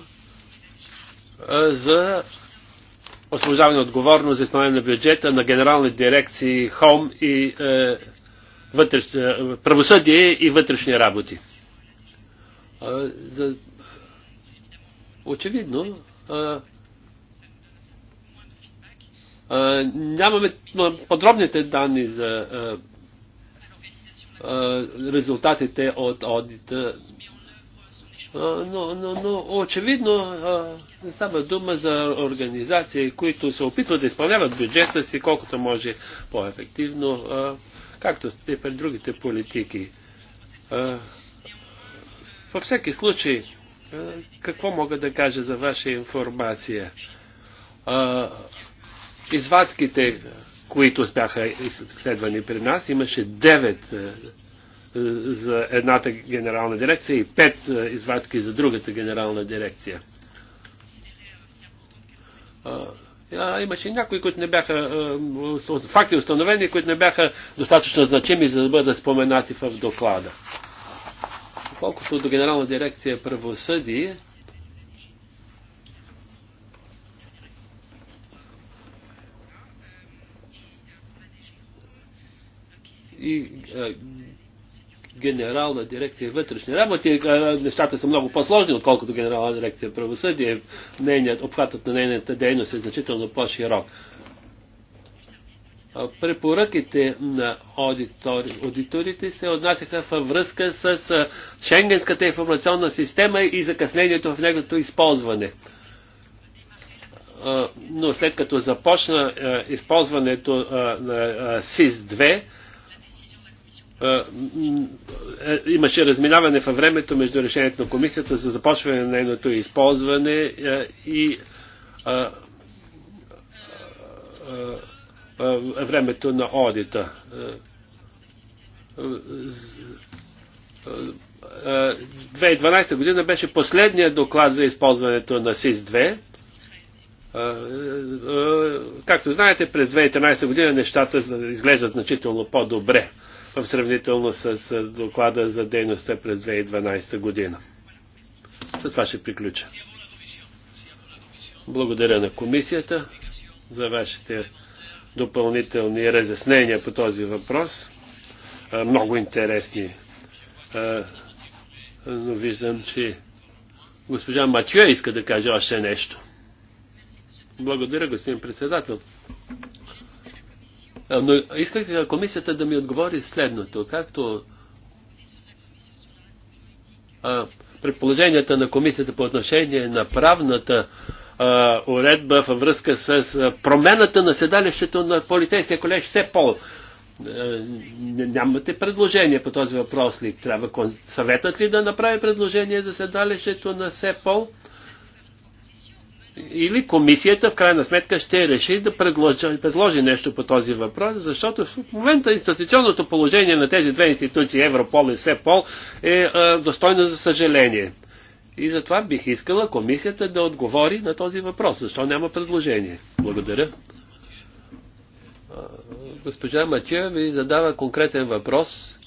за освобождаване отговорност за изпълнение на бюджета на генерални дирекции Хом и е, вътреш, е, правосъдие и вътрешни работи. А, за... Очевидно, а, а, нямаме подробните данни за а, а, резултатите от одита но, но, но очевидно не става дума за организации, които се опитват да изпълняват бюджета си колкото може по-ефективно, както и при другите политики. Във всеки случай, какво мога да кажа за ваша информация? Извадките, които бяха изследвани при нас, имаше 9 е, за едната генерална дирекция и пет е, извадки за другата генерална дирекция. А, имаше някои, които не бяха, а, е, факти установени, които не бяха достатъчно значими, за да бъдат споменати в доклада. Колкото до Генерална дирекция правосъди, и а, генерална дирекция вътрешни работи, е, нещата са много по-сложни, отколкото генерална дирекция правосъдие. Нейният, обхватът на нейната дейност е значително по-широк. Препоръките на аудитори, аудиторите се отнасяха във връзка с Шенгенската информационна система и закъснението в негото използване но след като започна използването на сис 2 е, имаше разминаване във времето между решението на комисията за започване на нейното използване е, и времето на одита. З... 2012 година беше последният доклад за използването на СИС-2. Както знаете, през 2013 година нещата изглеждат значително по-добре в сравнително с доклада за дейността през 2012 година. С това ще приключа. Благодаря на комисията за вашите допълнителни разяснения по този въпрос. Много интересни. Но виждам, че госпожа Матюя иска да каже още нещо. Благодаря, господин председател. Но исках комисията да ми отговори следното. Както а, предположенията на комисията по отношение на правната а, уредба във връзка с а, промената на седалището на полицейския колеж по Нямате предложение по този въпрос ли? Трябва съветът ли да направи предложение за седалището на Сепол? или комисията в крайна сметка ще реши да предложи, предложи нещо по този въпрос, защото в момента институционното положение на тези две институции, Европол и Сепол, е а, е, достойно за съжаление. И затова бих искала комисията да отговори на този въпрос. Защо няма предложение? Благодаря. Госпожа Матия ви задава конкретен въпрос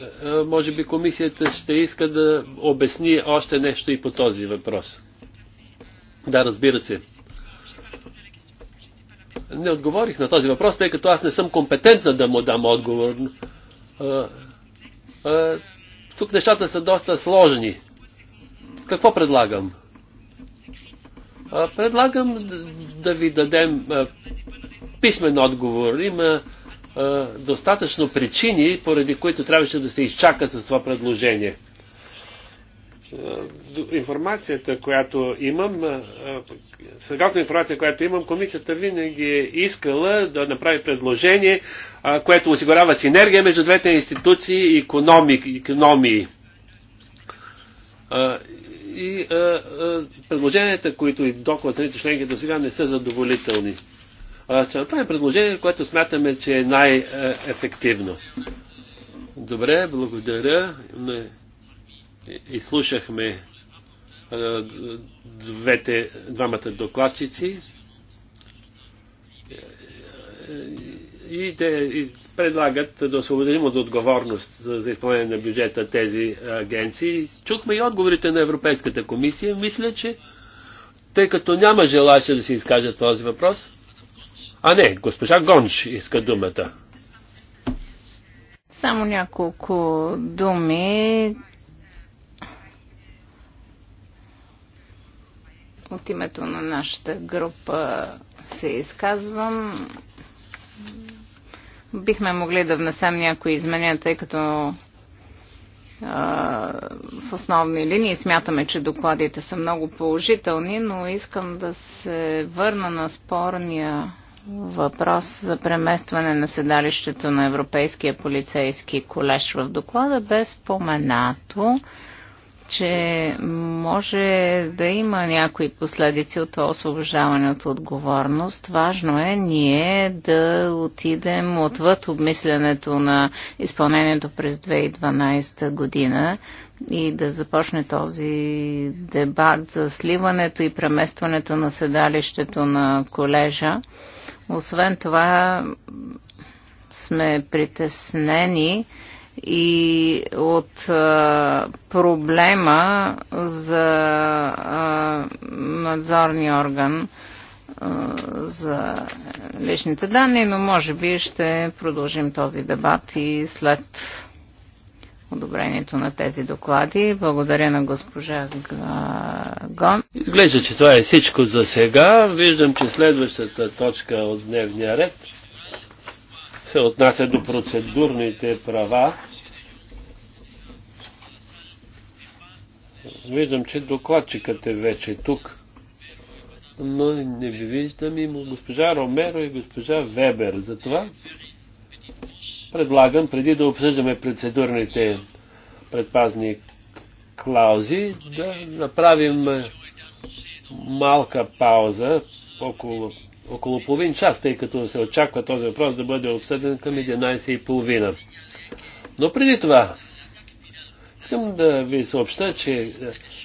Е, е, може би комисията ще иска да обясни още нещо и по този въпрос. Да, разбира се. Не отговорих на този въпрос, тъй като аз не съм компетентна да му дам отговор. Е, тук нещата са доста сложни. Какво предлагам? Предлагам да ви дадем писмен отговор. Има достатъчно причини, поради които трябваше да се изчака с това предложение. Информацията, която имам, съгласно информация, която имам, комисията винаги е искала да направи предложение, което осигурява синергия между двете институции и економии. И предложенията, които и доклад, страните членки до сега не са задоволителни. Ще е предложение, което смятаме, че е най-ефективно. Добре, благодаря. Изслушахме двете, двамата докладчици и те предлагат да освободим от отговорност за изпълнение на бюджета тези агенции. Чухме и отговорите на Европейската комисия. Мисля, че тъй като няма желаща да се изкажат този въпрос, а не, госпожа Гонч иска думата. Само няколко думи. От името на нашата група се изказвам. Бихме могли да внесем някои изменения, тъй като в основни линии. Смятаме, че докладите са много положителни, но искам да се върна на спорния въпрос за преместване на седалището на Европейския полицейски колеж в доклада бе споменато, че може да има някои последици от това освобождаване от отговорност. Важно е ние да отидем отвъд обмислянето на изпълнението през 2012 година и да започне този дебат за сливането и преместването на седалището на колежа освен това сме притеснени и от а, проблема за а, надзорния орган а, за личните данни, но може би ще продължим този дебат и след одобрението на тези доклади. Благодаря на госпожа Гон. Изглежда, че това е всичко за сега. Виждам, че следващата точка от дневния ред се отнася до процедурните права. Виждам, че докладчикът е вече тук. Но не ви виждам и госпожа Ромеро и госпожа Вебер. Затова предлагам, преди да обсъждаме процедурните предпазни клаузи, да направим е, малка пауза, около, около половин час, тъй като се очаква този въпрос да бъде обсъден към 11.30. Но преди това, искам да ви съобща, че е,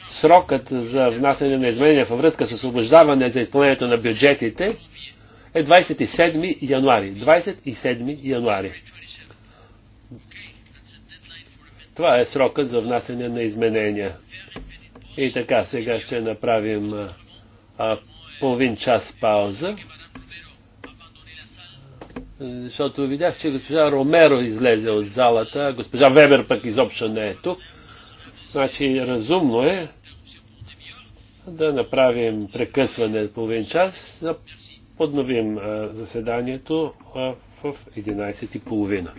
срокът за внасяне на изменения във връзка с освобождаване за изпълнението на бюджетите е 27 януари. 27 януари. Това е срокът за внасяне на изменения. И така, сега ще направим а, половин час пауза. Защото видях, че госпожа Ромеро излезе от залата, а госпожа Вебер пък изобщо не е тук. Значи разумно е да направим прекъсване половин час, да подновим заседанието в 11.30.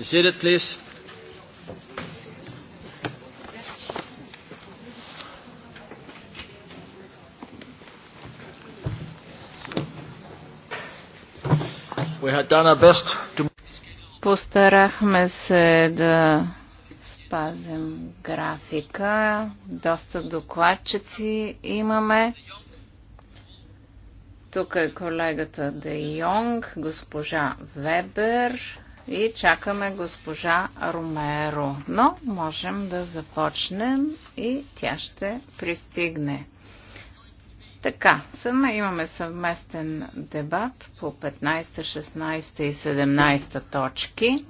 Be seated, please. We had done our best to... Постарахме се да спазим графика. Доста докладчици имаме. Тук е колегата Де Йонг, госпожа Вебер, и чакаме госпожа Ромеро. Но можем да започнем и тя ще пристигне. Така, съвме, имаме съвместен дебат по 15, 16 и 17 точки,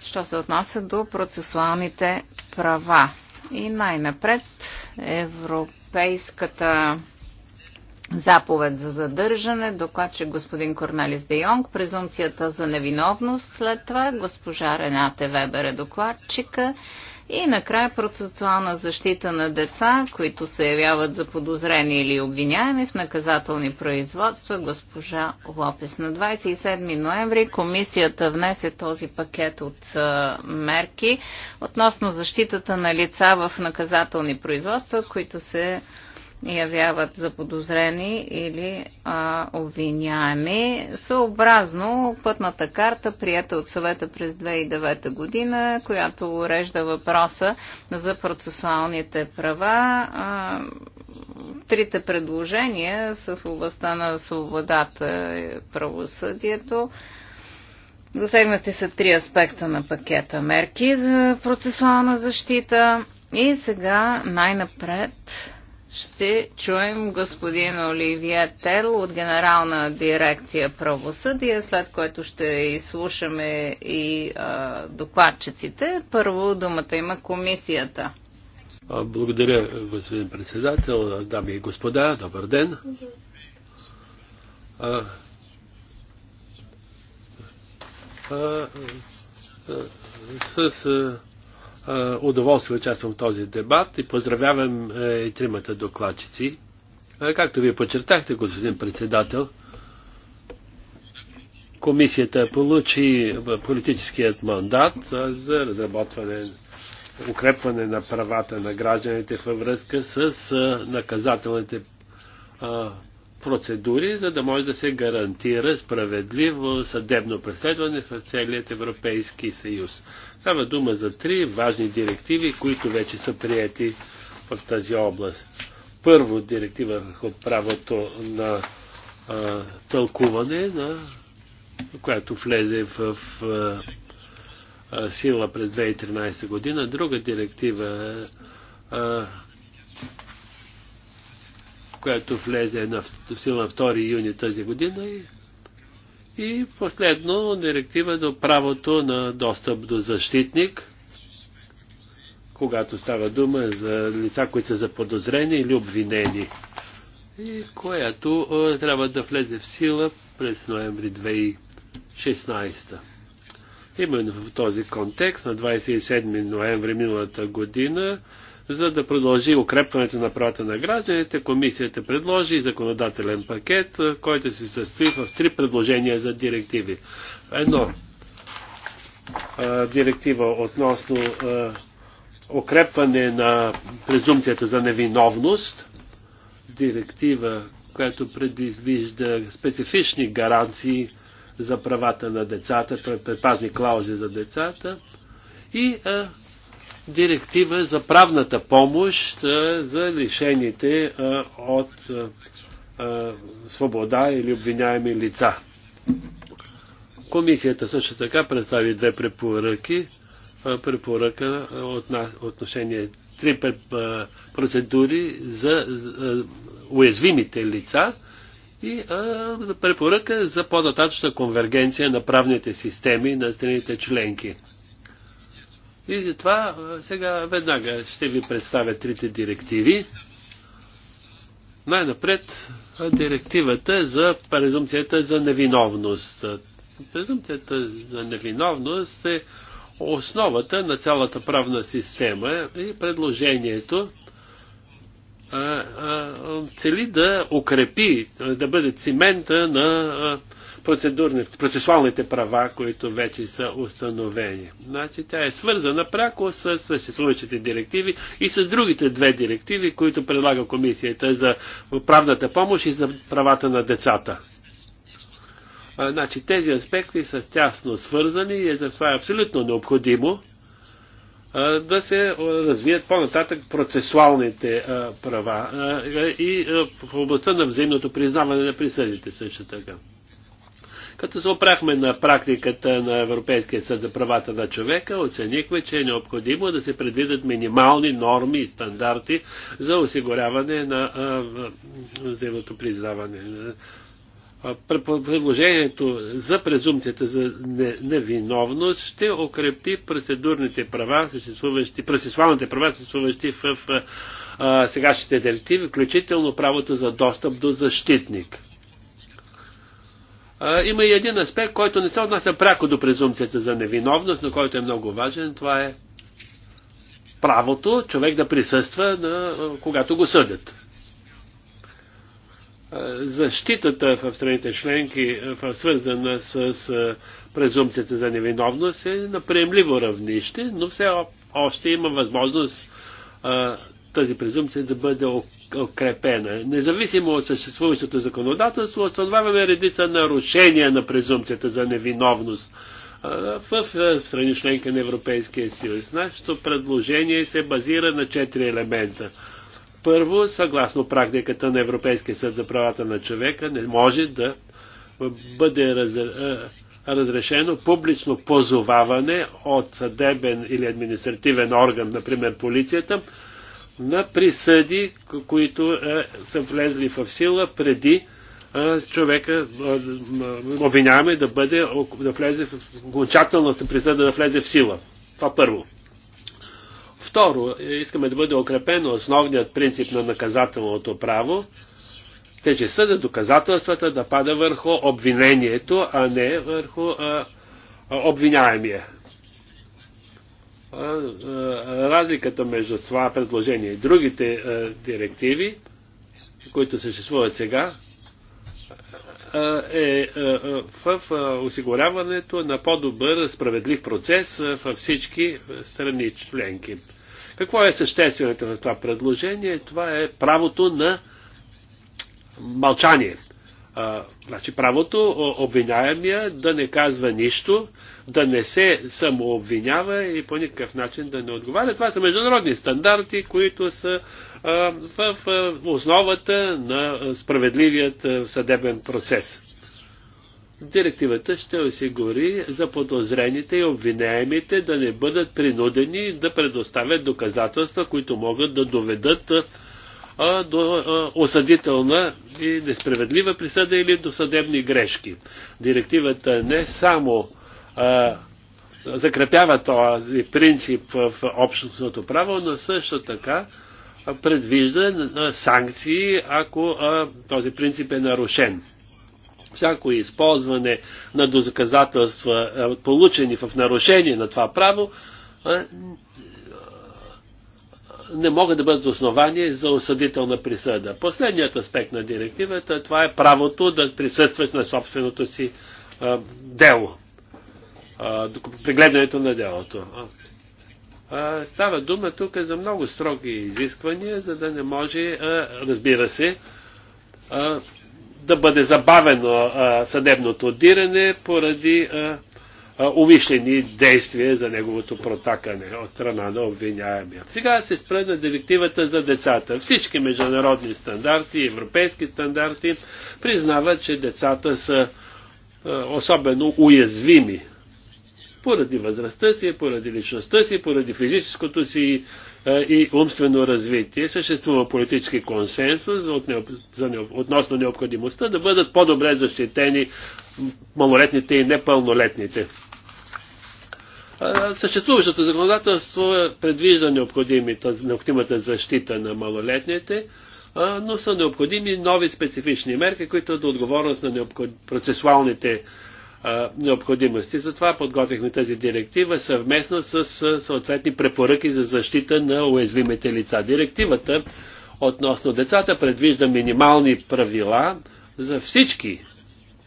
що се отнася до процесуалните права. И най-напред Европейската заповед за задържане, докладчик господин Корнелис Де Йонг, презумцията за невиновност след това, госпожа Рената Вебер е докладчика и накрая процесуална защита на деца, които се явяват за подозрени или обвиняеми в наказателни производства, госпожа Лопес. На 27 ноември комисията внесе този пакет от а, мерки относно защитата на лица в наказателни производства, които се явяват заподозрени или а, обвиняеми, съобразно пътната карта, прията от съвета през 2009 година, която урежда въпроса за процесуалните права. А, трите предложения са в областта на свободата и правосъдието. Засегнати са три аспекта на пакета мерки за процесуална защита. И сега най-напред ще чуем господин Оливия Тел от Генерална дирекция правосъдие, след което ще изслушаме и а, докладчиците. Първо думата има комисията. Благодаря, господин председател, дами и господа, добър ден. А, а, а, с удоволствие участвам в този дебат и поздравявам е, и тримата докладчици. Както вие подчертахте, господин председател, комисията получи политическият мандат за разработване, укрепване на правата на гражданите във връзка с наказателните процедури, за да може да се гарантира справедливо съдебно преследване в целият Европейски съюз. Става дума за три важни директиви, които вече са прияти в тази област. Първо директива върху правото на а, тълкуване, на, която влезе в а, сила през 2013 година. Друга директива а, която влезе на, в сила на 2 юни тази година и, и последно директива до правото на достъп до защитник, когато става дума за лица, които са заподозрени или обвинени, и която а, трябва да влезе в сила през ноември 2016. Именно в този контекст на 27 ноември миналата година за да продължи укрепването на правата на гражданите, комисията предложи законодателен пакет, който се състои в три предложения за директиви. Едно, директива относно укрепване на презумцията за невиновност, директива, която предвижда специфични гаранции за правата на децата, предпазни клаузи за децата и директива за правната помощ за лишените от свобода или обвиняеми лица. Комисията също така представи две препоръки. Препоръка от отношение три процедури за уязвимите лица и препоръка за по-нататъчна конвергенция на правните системи на страните членки. И затова сега веднага ще ви представя трите директиви. Най-напред директивата за презумцията за невиновност. Презумцията за невиновност е основата на цялата правна система и предложението цели да укрепи, да бъде цимента на процесуалните права, които вече са установени. Значи тя е свързана пряко с съществуващите директиви и с другите две директиви, които предлага комисията за правната помощ и за правата на децата. Значи тези аспекти са тясно свързани и затова е абсолютно необходимо да се развият по-нататък процесуалните права и в областта на взаимното признаване на присъдите също така. Като се опрахме на практиката на Европейския съд за правата на човека, оценихме, че е необходимо да се предвидят минимални норми и стандарти за осигуряване на взаимното признаване. Предложението за презумцията за невиновност ще укрепи процедурните права, съществуващи, процесуалните права, съществуващи в а, сегашните директиви, включително правото за достъп до защитник има и един аспект, който не се отнася пряко до презумцията за невиновност, но който е много важен. Това е правото човек да присъства, на, когато го съдят. Защитата в страните членки, свързана с презумцията за невиновност, е на приемливо равнище, но все още има възможност тази презумпция да бъде укрепена. Независимо от съществуващото законодателство, установяваме редица нарушения на презумцията за невиновност в страни членка на Европейския съюз. Нашето предложение се базира на четири елемента. Първо, съгласно практиката на Европейския съд за правата на човека, не може да бъде разрешено публично позоваване от съдебен или административен орган, например полицията, на присъди, които е, са влезли в сила преди е, човека е, е обвиняваме да бъде, да влезе в окончателната присъда да влезе в сила. Това първо. Второ, е, искаме да бъде укрепен основният принцип на наказателното право, че съда доказателствата да пада върху обвинението, а не върху а, е, обвиняемия разликата между това предложение и другите директиви, които съществуват сега, е в осигуряването на по-добър справедлив процес във всички страни членки. Какво е същественото на това предложение? Това е правото на мълчание. А, значи правото обвиняемия да не казва нищо, да не се самообвинява и по никакъв начин да не отговаря. Това са международни стандарти, които са а, в, в основата на справедливият съдебен процес. Директивата ще осигури за подозрените и обвиняемите да не бъдат принудени да предоставят доказателства, които могат да доведат а, до а, осъдителна и несправедлива присъда или до съдебни грешки. Директивата не само а, закрепява този принцип в общностното право, но също така предвижда санкции, ако този принцип е нарушен. Всяко използване на доказателства, получени в нарушение на това право, не могат да бъдат основание за осъдителна присъда. Последният аспект на директивата, това е правото да присъстваш на собственото си а, дело. пригледането на делото. А, става дума тук за много строги изисквания, за да не може, а, разбира се, а, да бъде забавено а, съдебното отдиране поради а, умишлени действия за неговото протакане от страна на обвиняемия. Сега се спре на директивата за децата. Всички международни стандарти, европейски стандарти признават, че децата са особено уязвими поради възрастта си, поради личността си, поради физическото си и умствено развитие. Съществува политически консенсус от необ... за необ... относно необходимостта да бъдат по-добре защитени малолетните и непълнолетните. Съществуващото законодателство предвижда необходимата защита на малолетните, но са необходими нови специфични мерки, които да отговорност на необход... процесуалните необходимости. Затова подготвихме тази директива съвместно с съответни препоръки за защита на уязвимите лица. Директивата относно децата предвижда минимални правила за всички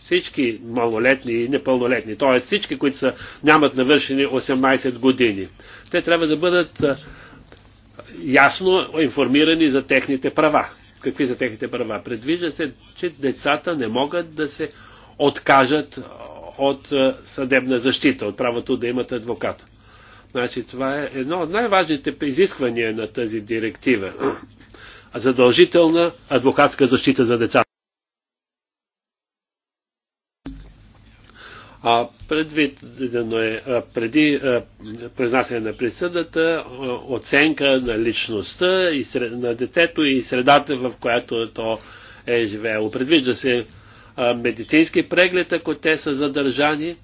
всички малолетни и непълнолетни, т.е. всички, които са, нямат навършени 18 години. Те трябва да бъдат ясно информирани за техните права. Какви са техните права? Предвижда се, че децата не могат да се откажат от съдебна защита, от правото да имат адвокат. Значи това е едно от най-важните изисквания на тази директива. [clears throat] Задължителна адвокатска защита за децата. А, предвидено е а, преди произнасяне на присъдата а, оценка на личността и сред, на детето и средата, в която то е живеело. Предвижда се а, медицински преглед, ако те са задържани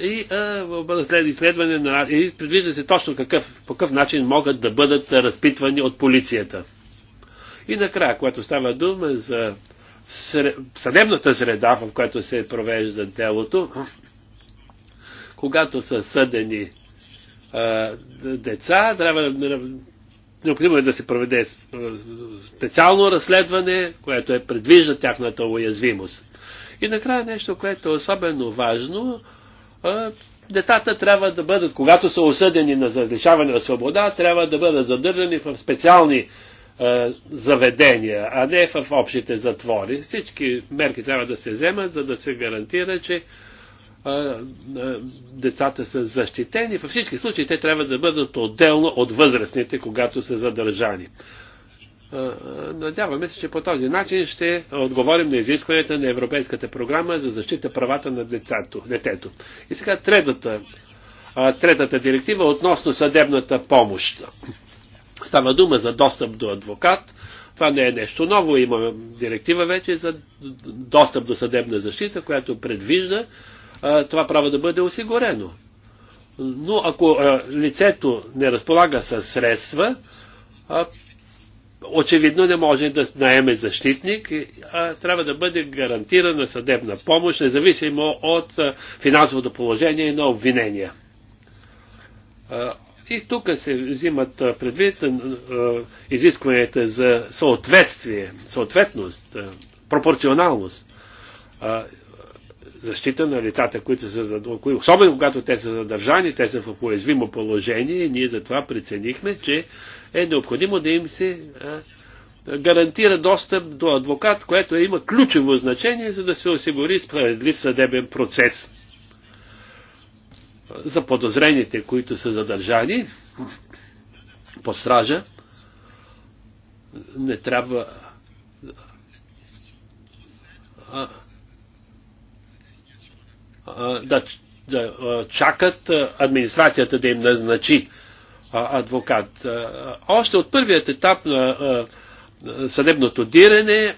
и а, изследване на... И предвижда се точно какъв, по какъв начин могат да бъдат разпитвани от полицията. И накрая, когато става дума за съдебната среда, в която се провежда делото, когато са съдени а, деца, трябва необходимо е да се проведе специално разследване, което е предвижда тяхната уязвимост. И накрая нещо, което е особено важно, а, децата трябва да бъдат, когато са осъдени на залишаване на свобода, трябва да бъдат задържани в специални заведения, а не в общите затвори. Всички мерки трябва да се вземат, за да се гарантира, че децата са защитени. Във всички случаи те трябва да бъдат отделно от възрастните, когато са задържани. Надяваме се, че по този начин ще отговорим на изискванията на Европейската програма за защита правата на децато, детето. И сега третата, третата директива относно съдебната помощ. Става дума за достъп до адвокат. Това не е нещо ново. Има директива вече за достъп до съдебна защита, която предвижда това право да бъде осигурено. Но ако лицето не разполага с средства, очевидно не може да наеме защитник, а трябва да бъде гарантирана съдебна помощ, независимо от финансовото положение на обвинения. И тук се взимат предвид изискванията за съответствие, съответност, пропорционалност, защита на лицата, които са, особено когато те са задържани, те са в уязвимо положение, ние затова преценихме, че е необходимо да им се гарантира достъп до адвокат, което има ключово значение, за да се осигури справедлив съдебен процес за подозрените, които са задържани по стража, не трябва да, да чакат администрацията да им назначи адвокат. Още от първият етап на съдебното диране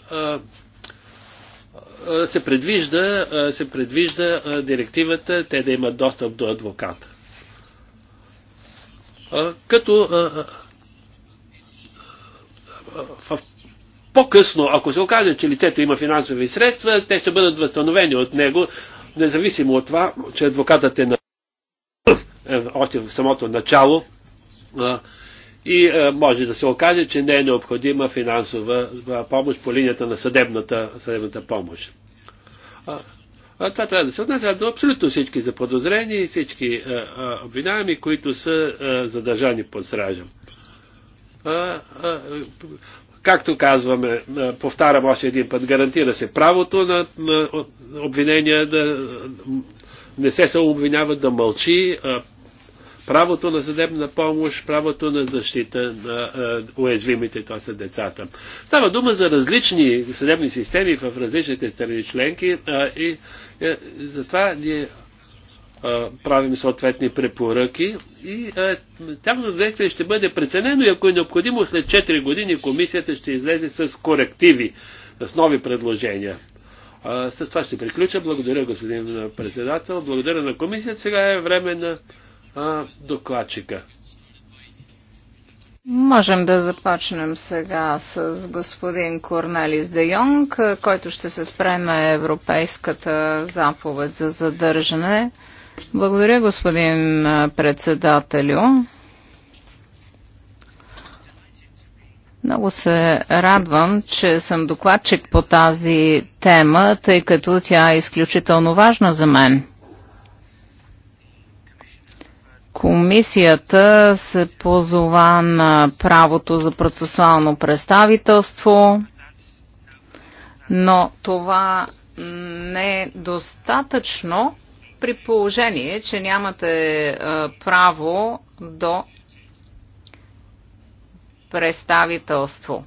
се предвижда, се предвижда директивата те да имат достъп до адвоката. Като в по-късно, ако се окаже, че лицето има финансови средства, те ще бъдат възстановени от него, независимо от това, че адвокатът е на е, още в самото начало и е, може да се окаже, че не е необходима финансова е, помощ по линията на съдебната, съдебната помощ. А това трябва да се отнася до абсолютно всички заподозрени и всички е, обвиняеми, които са а, задържани под стража. както казваме, повтарям още един път, гарантира се правото на, на обвинения да не се самообвинява да мълчи, правото на съдебна помощ, правото на защита на е, уязвимите, това са децата. Става дума за различни съдебни системи в различните страни членки и е, затова ние е, правим съответни препоръки и тяхното действие ще бъде преценено и ако е необходимо след 4 години комисията ще излезе с корективи, с нови предложения. с това ще приключа. Благодаря господин председател, благодаря на комисията. Сега е време на а, докладчика. Можем да започнем сега с господин Корнелис Де Йонг, който ще се спре на Европейската заповед за задържане. Благодаря, господин председателю. Много се радвам, че съм докладчик по тази тема, тъй като тя е изключително важна за мен. Комисията се позова на правото за процесуално представителство, но това не е достатъчно при положение, че нямате е, право до представителство.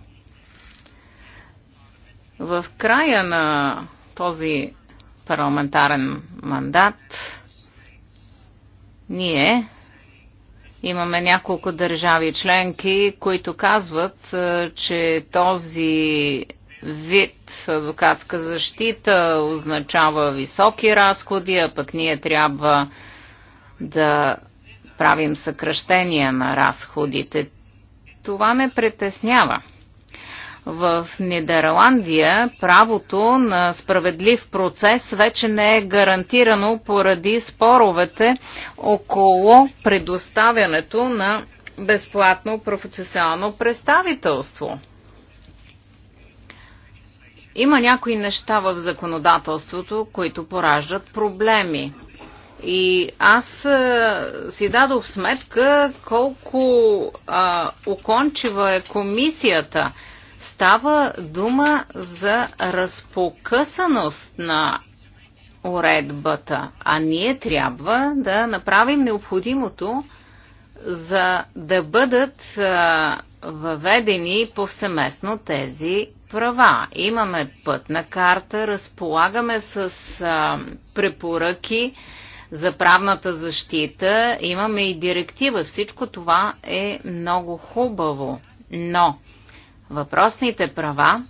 В края на този парламентарен мандат ние Имаме няколко държави членки, които казват, е, че този вид адвокатска защита означава високи разходи, а пък ние трябва да правим съкръщения на разходите. Това ме притеснява. В Нидерландия правото на справедлив процес вече не е гарантирано поради споровете около предоставянето на безплатно професионално представителство. Има някои неща в законодателството, които пораждат проблеми. И аз е, си дадох сметка колко а, окончива е комисията. Става дума за разпокъсаност на уредбата, а ние трябва да направим необходимото, за да бъдат а, въведени повсеместно тези права. Имаме пътна карта, разполагаме с а, препоръки за правната защита, имаме и директива. Всичко това е много хубаво, но въпросните права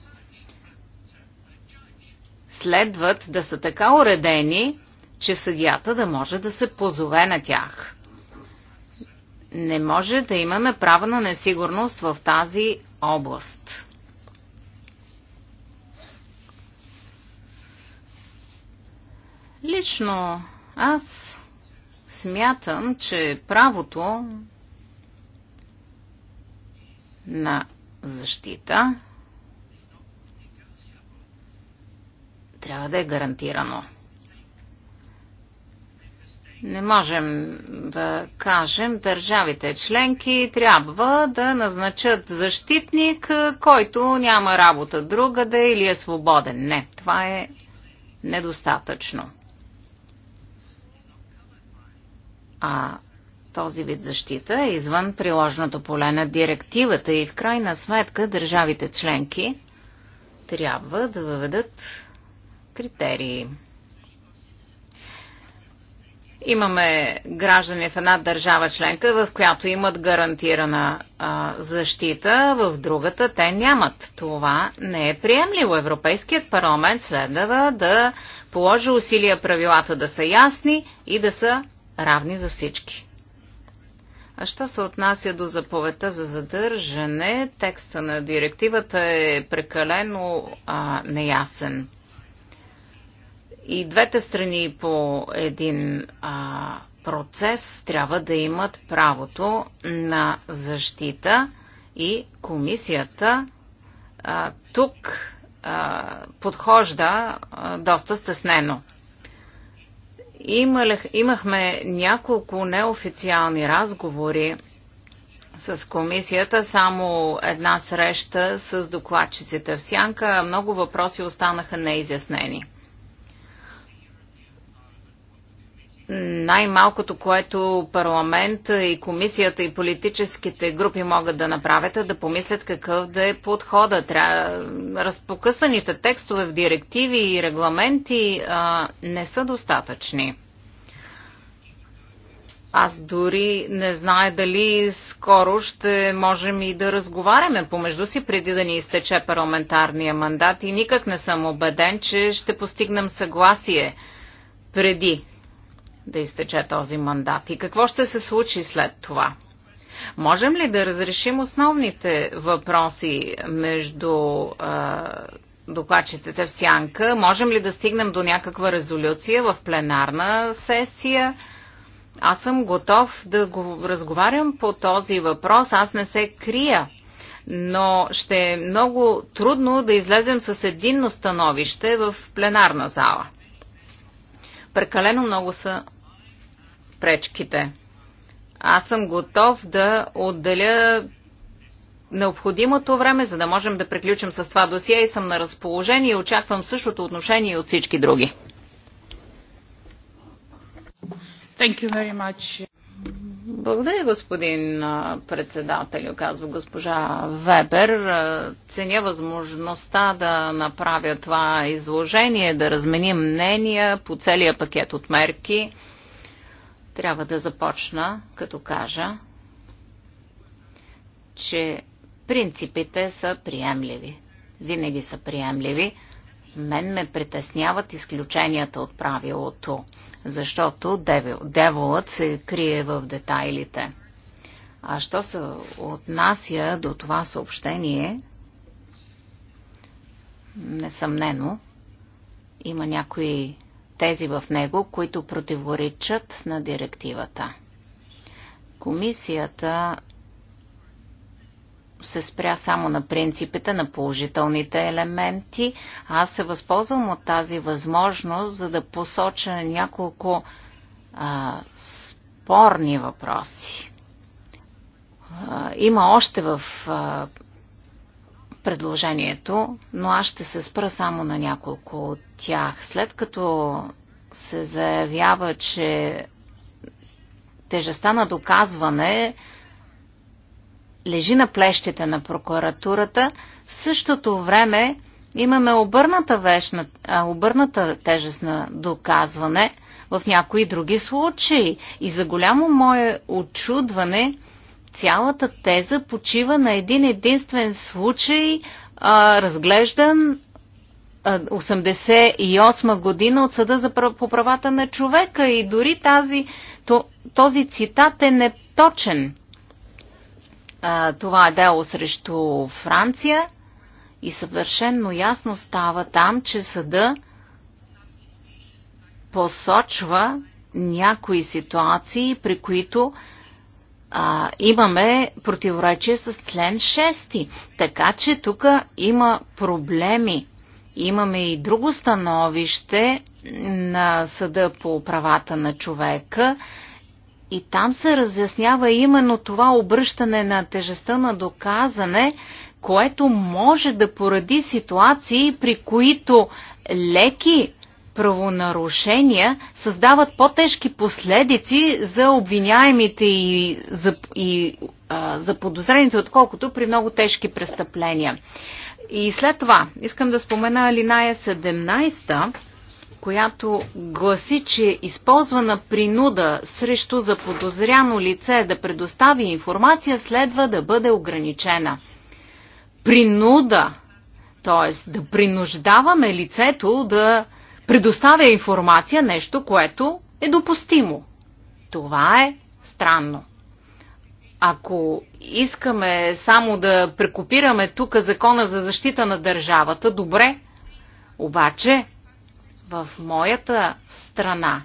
следват да са така уредени, че съдията да може да се позове на тях. Не може да имаме право на несигурност в тази област. Лично аз смятам, че правото на защита трябва да е гарантирано. Не можем да кажем, държавите членки трябва да назначат защитник, който няма работа другаде или е свободен. Не, това е недостатъчно. А този вид защита е извън приложното поле на директивата и в крайна сметка държавите членки трябва да въведат критерии. Имаме граждани в една държава членка, в която имат гарантирана а, защита, в другата те нямат. Това не е приемливо. Европейският парламент следва да положи усилия правилата да са ясни и да са равни за всички. А що се отнася до заповедта за задържане, текста на директивата е прекалено а, неясен. И двете страни по един а, процес трябва да имат правото на защита и комисията а, тук а, подхожда а, доста стеснено. Ималех, имахме няколко неофициални разговори с комисията, само една среща с докладчиците в Сянка. Много въпроси останаха неизяснени. най-малкото, което парламент и комисията и политическите групи могат да направят е да помислят какъв да е подхода. Трябва... Разпокъсаните текстове в директиви и регламенти а, не са достатъчни. Аз дори не знае дали скоро ще можем и да разговаряме помежду си преди да ни изтече парламентарния мандат и никак не съм убеден, че ще постигнем съгласие преди да изтече този мандат и какво ще се случи след това? Можем ли да разрешим основните въпроси между а, докладчиците в сянка? Можем ли да стигнем до някаква резолюция в пленарна сесия? Аз съм готов да го разговарям по този въпрос. Аз не се крия но ще е много трудно да излезем с единно становище в пленарна зала. Прекалено много са пречките. Аз съм готов да отделя необходимото време, за да можем да приключим с това досие и съм на разположение и очаквам същото отношение от всички други. Thank you very much. Благодаря, господин председател, казва госпожа Вебер. Ценя възможността да направя това изложение, да разменим мнения по целия пакет от мерки. Трябва да започна, като кажа, че принципите са приемливи. Винаги са приемливи. Мен ме притесняват изключенията от правилото, защото деволът се крие в детайлите. А що се отнася до това съобщение, несъмнено има някои тези в него, които противоречат на директивата. Комисията се спря само на принципите, на положителните елементи. Аз се възползвам от тази възможност, за да посоча няколко а, спорни въпроси. А, има още в а, предложението, но аз ще се спра само на няколко от тях. След като се заявява, че тежестта на доказване лежи на плещите на прокуратурата, в същото време имаме обърната, вещна, обърната тежест на доказване в някои други случаи. И за голямо мое очудване, цялата теза почива на един единствен случай, а, разглеждан 1988 година от Съда за по правата на човека и дори тази, то, този цитат е неточен. А, това е дело срещу Франция и съвършенно ясно става там, че съда посочва някои ситуации, при които а, имаме противоречие с член 6. Така че тук има проблеми. Имаме и друго становище на Съда по правата на човека. И там се разяснява именно това обръщане на тежестта на доказане, което може да поради ситуации, при които леки правонарушения създават по-тежки последици за обвиняемите и за, и, а, за подозрените, отколкото при много тежки престъпления. И след това искам да спомена Линая 17, която гласи, че използвана принуда срещу заподозряно лице да предостави информация следва да бъде ограничена. Принуда, т.е. да принуждаваме лицето да предоставя информация, нещо, което е допустимо. Това е странно. Ако искаме само да прекопираме тук закона за защита на държавата, добре. Обаче, в моята страна,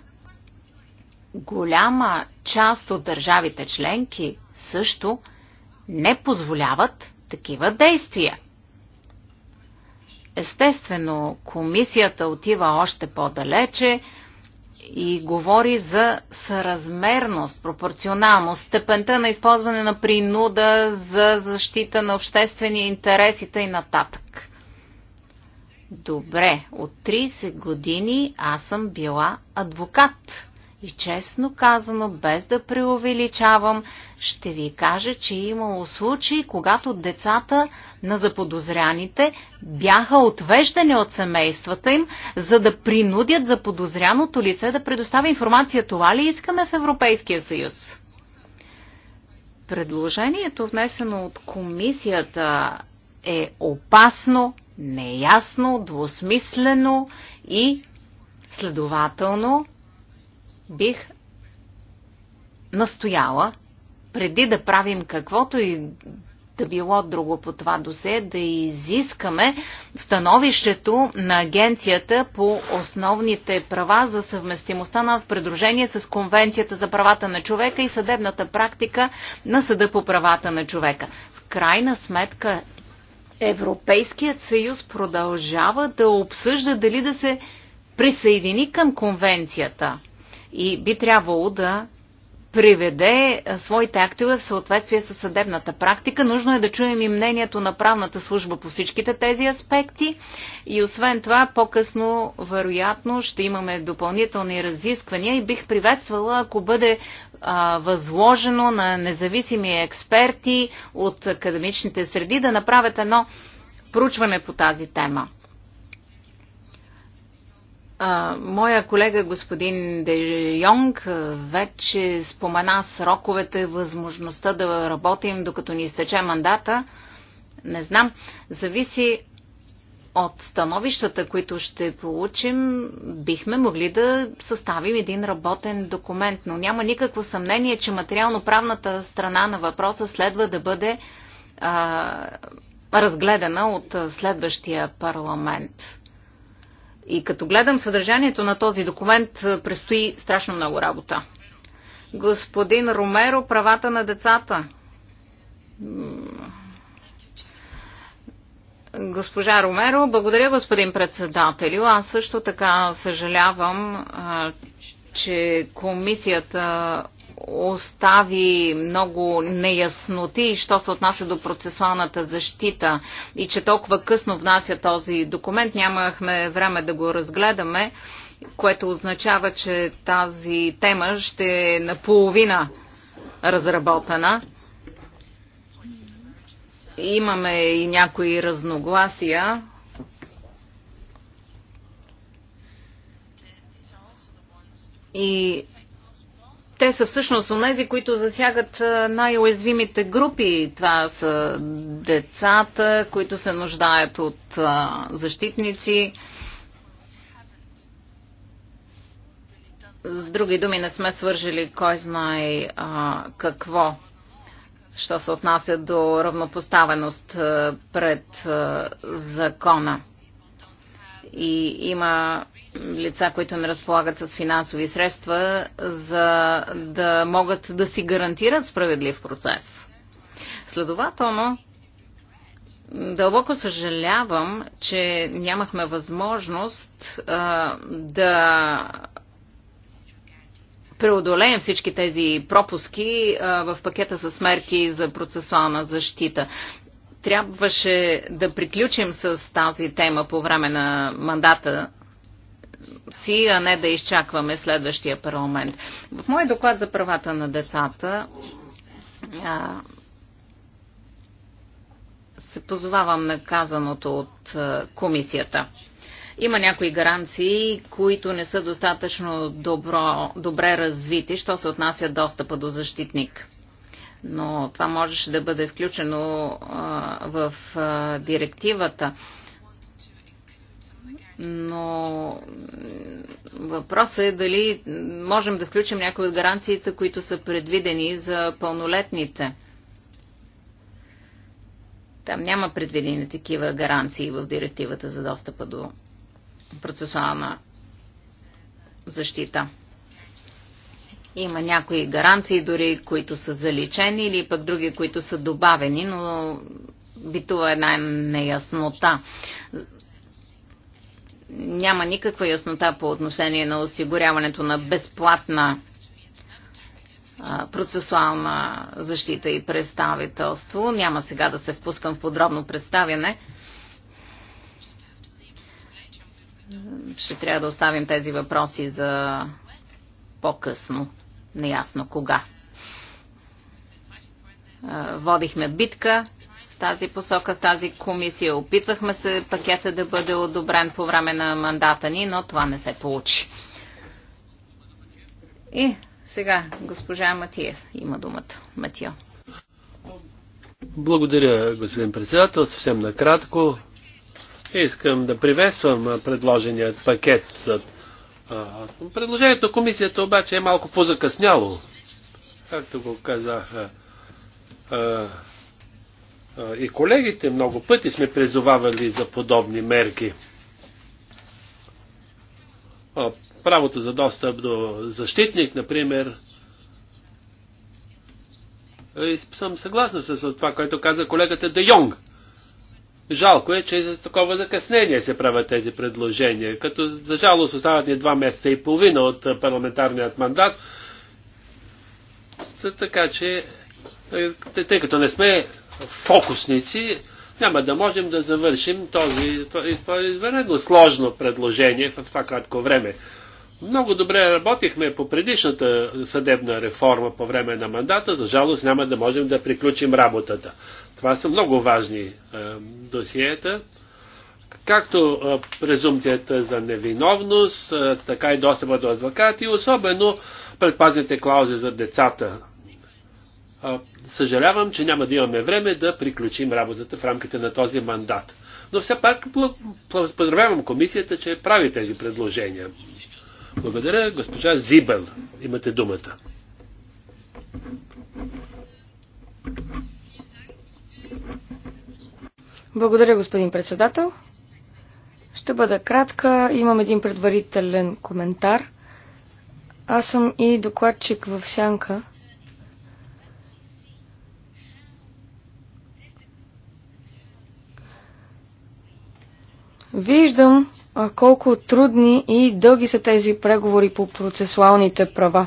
голяма част от държавите членки също не позволяват такива действия. Естествено, комисията отива още по-далече и говори за съразмерност, пропорционалност, степента на използване на принуда за защита на обществени интересите и нататък. Добре, от 30 години аз съм била адвокат. И честно казано, без да преувеличавам, ще ви кажа, че е имало случаи, когато децата на заподозряните бяха отвеждани от семействата им, за да принудят заподозряното лице да предоставя информация. Това ли искаме в Европейския съюз? Предложението, внесено от комисията, е опасно, неясно, двусмислено и следователно бих настояла преди да правим каквото и да било друго по това досе, да изискаме становището на агенцията по основните права за съвместимостта на предружение с Конвенцията за правата на човека и съдебната практика на Съда по правата на човека. В крайна сметка Европейският съюз продължава да обсъжда дали да се присъедини към конвенцията и би трябвало да приведе своите актове в съответствие с съдебната практика. Нужно е да чуем и мнението на правната служба по всичките тези аспекти и освен това по-късно вероятно ще имаме допълнителни разисквания и бих приветствала, ако бъде а, възложено на независими експерти от академичните среди да направят едно проучване по тази тема. А, моя колега господин Де Йонг вече спомена сроковете, възможността да работим докато ни изтече мандата. Не знам. Зависи от становищата, които ще получим, бихме могли да съставим един работен документ, но няма никакво съмнение, че материално-правната страна на въпроса следва да бъде а, разгледана от следващия парламент. И като гледам съдържанието на този документ, предстои страшно много работа. Господин Ромеро, правата на децата. Госпожа Ромеро, благодаря господин председателю. Аз също така съжалявам, че комисията остави много неясноти, що се отнася до процесуалната защита и че толкова късно внася този документ, нямахме време да го разгледаме, което означава, че тази тема ще е наполовина разработена. Имаме и някои разногласия. И те са всъщност онези, които засягат най-уязвимите групи. Това са децата, които се нуждаят от защитници. С други думи, не сме свържили кой знае а, какво, що се отнася до равнопоставеност пред а, закона. И има лица, които не разполагат с финансови средства, за да могат да си гарантират справедлив процес. Следователно, дълбоко съжалявам, че нямахме възможност а, да преодолеем всички тези пропуски а, в пакета с мерки за процесуална защита трябваше да приключим с тази тема по време на мандата си, а не да изчакваме следващия парламент. В мой доклад за правата на децата а, се позовавам на казаното от а, комисията. Има някои гаранции, които не са достатъчно добро, добре развити, що се отнася достъпа до защитник но това можеше да бъде включено а, в а, директивата но въпросът е дали можем да включим някои от гаранциите, които са предвидени за пълнолетните. Там няма предвидени такива гаранции в директивата за достъпа до процесуална защита. Има някои гаранции, дори които са заличени или пък други, които са добавени, но битува една неяснота няма никаква яснота по отношение на осигуряването на безплатна процесуална защита и представителство. Няма сега да се впускам в подробно представяне. Ще трябва да оставим тези въпроси за по-късно, неясно кога. Водихме битка в тази посока, в тази комисия. Опитвахме се пакета да бъде одобрен по време на мандата ни, но това не се получи. И сега госпожа Матия има думата. Матио. Благодаря, господин председател. Съвсем накратко. Искам да приветствам предложеният пакет. За... Предложението на комисията обаче е малко позакъсняло. Както го казаха и колегите много пъти сме призовавали за подобни мерки. Правото за достъп до защитник, например. И съм съгласен с това, което каза колегата Де Йонг. Жалко е, че и с такова закъснение се правят тези предложения, като за жалост остават ни два месеца и половина от парламентарният мандат. Така че, е, тъй като не сме фокусници, няма да можем да завършим този, това е извънредно сложно предложение в това кратко време. Много добре работихме по предишната съдебна реформа по време на мандата, за жалост няма да можем да приключим работата. Това са много важни е, досиета. Както е, презумцията за невиновност, е, така и достъпа до адвокати, особено предпазните клаузи за децата Съжалявам, че няма да имаме време да приключим работата в рамките на този мандат. Но все пак поздравявам комисията, че прави тези предложения. Благодаря, госпожа Зибел. Имате думата. Благодаря, господин председател. Ще бъда кратка. Имам един предварителен коментар. Аз съм и докладчик в Сянка Виждам а, колко трудни и дълги са тези преговори по процесуалните права.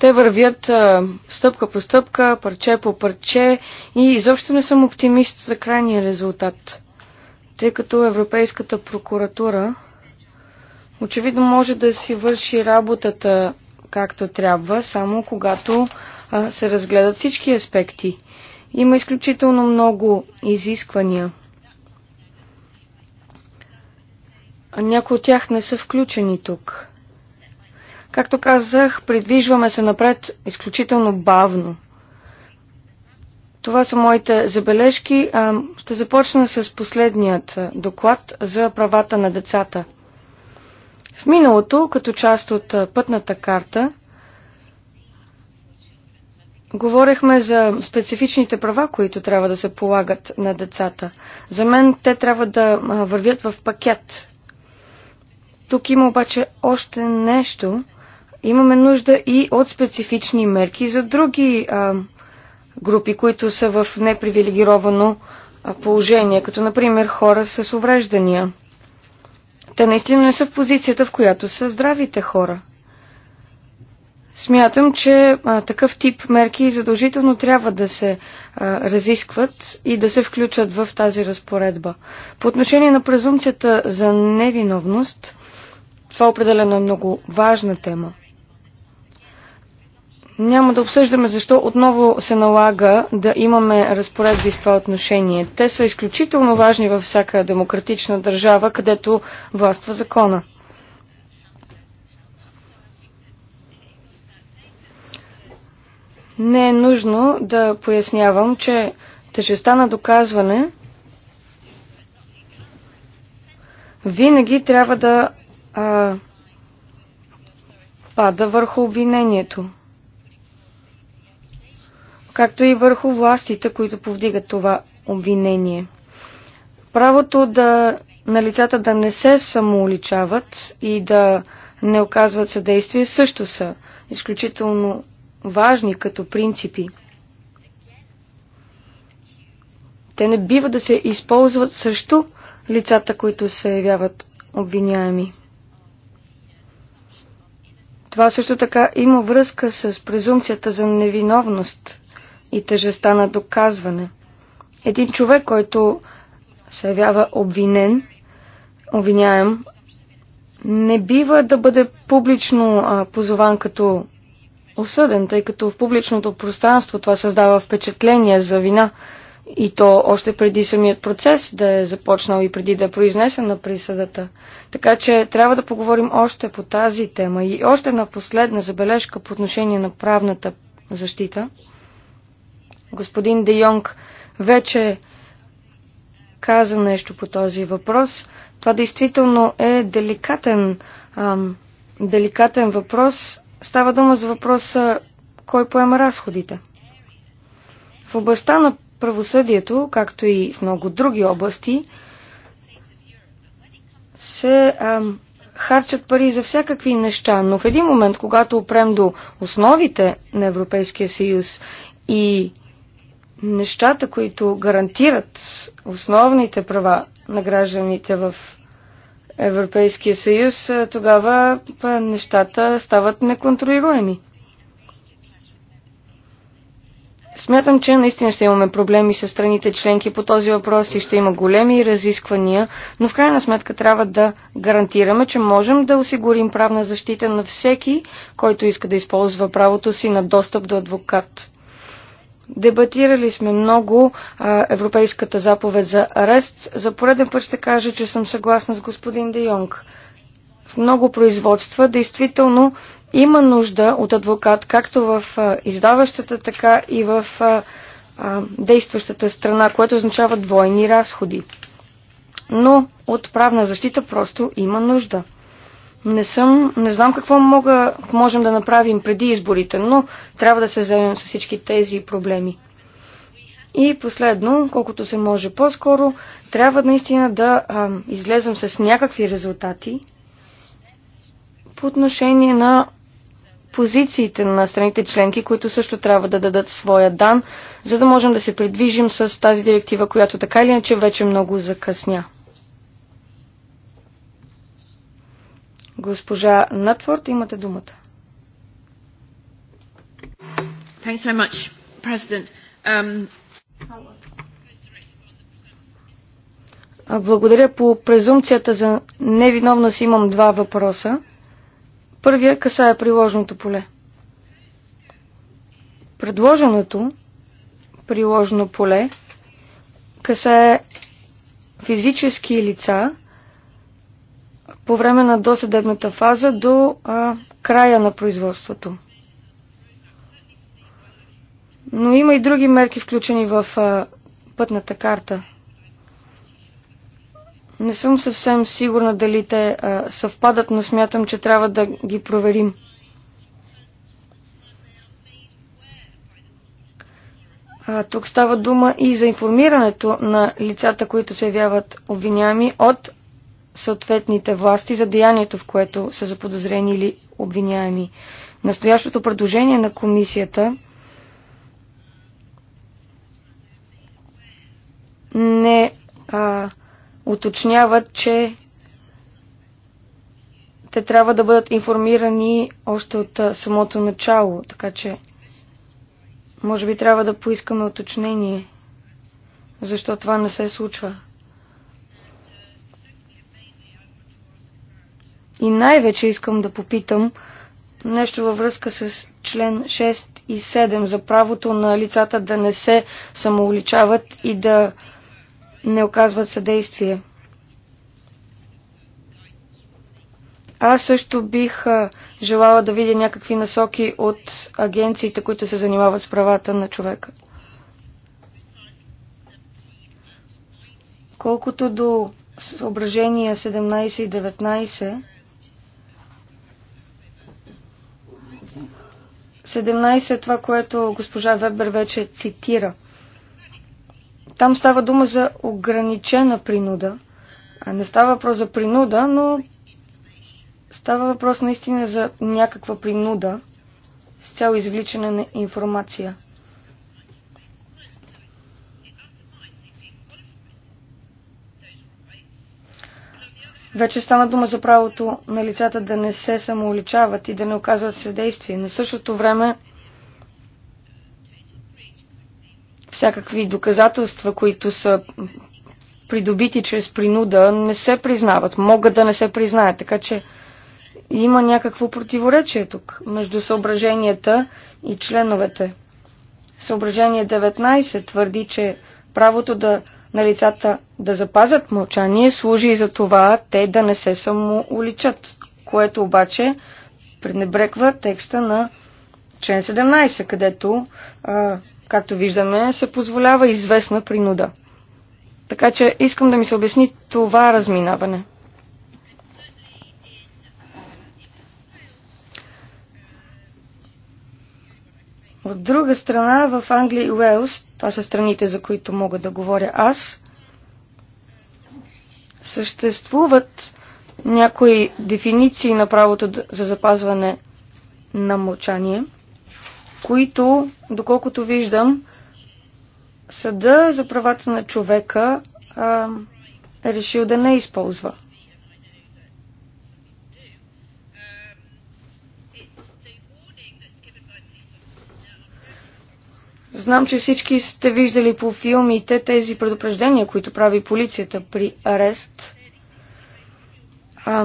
Те вървят а, стъпка по стъпка, парче по парче и изобщо не съм оптимист за крайния резултат, тъй като Европейската прокуратура очевидно може да си върши работата както трябва, само когато а, се разгледат всички аспекти. Има изключително много изисквания Някои от тях не са включени тук. Както казах, придвижваме се напред изключително бавно. Това са моите забележки. Ще започна с последният доклад за правата на децата. В миналото, като част от пътната карта, говорехме за специфичните права, които трябва да се полагат на децата. За мен те трябва да вървят в пакет. Тук има обаче още нещо. Имаме нужда и от специфични мерки за други а, групи, които са в непривилегировано положение, като например хора с увреждания. Те наистина не са в позицията, в която са здравите хора. Смятам, че а, такъв тип мерки задължително трябва да се а, разискват и да се включат в тази разпоредба. По отношение на презумцията за невиновност, това определено е много важна тема. Няма да обсъждаме защо отново се налага да имаме разпоредби в това отношение. Те са изключително важни във всяка демократична държава, където властва закона. Не е нужно да пояснявам, че тежестта на доказване винаги трябва да а, пада върху обвинението, както и върху властите, които повдигат това обвинение. Правото да, на лицата да не се самоуличават и да не оказват съдействие също са изключително важни като принципи. Те не бива да се използват също лицата, които се явяват обвиняеми. Това също така има връзка с презумцията за невиновност и тежеста на доказване. Един човек, който се явява обвинен, обвиняем, не бива да бъде публично а, позован като осъден, тъй като в публичното пространство това създава впечатление за вина – и то още преди самият процес да е започнал и преди да е произнесен на присъдата. Така че трябва да поговорим още по тази тема и още на последна забележка по отношение на правната защита. Господин Де Йонг вече каза нещо по този въпрос. Това действително е деликатен, ам, деликатен въпрос. Става дума за въпроса кой поема разходите. В областта на правосъдието, както и в много други области, се а, харчат пари за всякакви неща, но в един момент, когато опрем до основите на Европейския съюз и нещата, които гарантират основните права на гражданите в Европейския съюз, е, тогава е, нещата стават неконтролируеми. Смятам, че наистина ще имаме проблеми с страните членки по този въпрос и ще има големи разисквания, но в крайна сметка трябва да гарантираме, че можем да осигурим правна защита на всеки, който иска да използва правото си на достъп до адвокат. Дебатирали сме много а, Европейската заповед за арест. За пореден път ще кажа, че съм съгласна с господин Де Йонг. В много производства действително има нужда от адвокат както в издаващата, така и в действащата страна, което означава двойни разходи. Но от правна защита просто има нужда. Не, съм, не знам какво мога, можем да направим преди изборите, но трябва да се вземем с всички тези проблеми. И последно, колкото се може по-скоро, трябва наистина да а, излезем с някакви резултати по отношение на позициите на страните членки, които също трябва да дадат своя дан, за да можем да се придвижим с тази директива, която така или иначе вече много закъсня. Госпожа Натворд, имате думата. Thanks much, President. Um... Благодаря по презумцията за невиновност имам два въпроса. Първия касае приложното поле. Предложеното приложено поле касае физически лица по време на досъдебната фаза до а, края на производството. Но има и други мерки, включени в а, пътната карта – не съм съвсем сигурна дали те а, съвпадат, но смятам, че трябва да ги проверим. А, тук става дума и за информирането на лицата, които се явяват обвиняеми от съответните власти за деянието, в което са заподозрени или обвиняеми. Настоящото предложение на комисията не а, уточняват, че те трябва да бъдат информирани още от самото начало, така че може би трябва да поискаме уточнение, защо това не се случва. И най-вече искам да попитам нещо във връзка с член 6 и 7 за правото на лицата да не се самоуличават и да не оказват съдействие. Аз също бих желала да видя някакви насоки от агенциите, които се занимават с правата на човека. Колкото до съображения 17 и 19, 17 е това, което госпожа Вебер вече цитира – там става дума за ограничена принуда. Не става въпрос за принуда, но става въпрос наистина за някаква принуда с цяло извличане на информация. Вече стана дума за правото на лицата да не се самоуличават и да не оказват съдействие. На същото време всякакви доказателства, които са придобити чрез принуда, не се признават, могат да не се признаят. Така че има някакво противоречие тук между съображенията и членовете. Съображение 19 твърди, че правото да, на лицата да запазят мълчание служи и за това те да не се самоуличат, което обаче пренебреква текста на член 17, където а, както виждаме, се позволява известна принуда. Така че искам да ми се обясни това разминаване. От друга страна, в Англия и Уелс, това са страните, за които мога да говоря аз, съществуват някои дефиниции на правото за запазване на мълчание – които, доколкото виждам, Съда за правата на човека а, е решил да не използва. Знам, че всички сте виждали по филмите тези предупреждения, които прави полицията при арест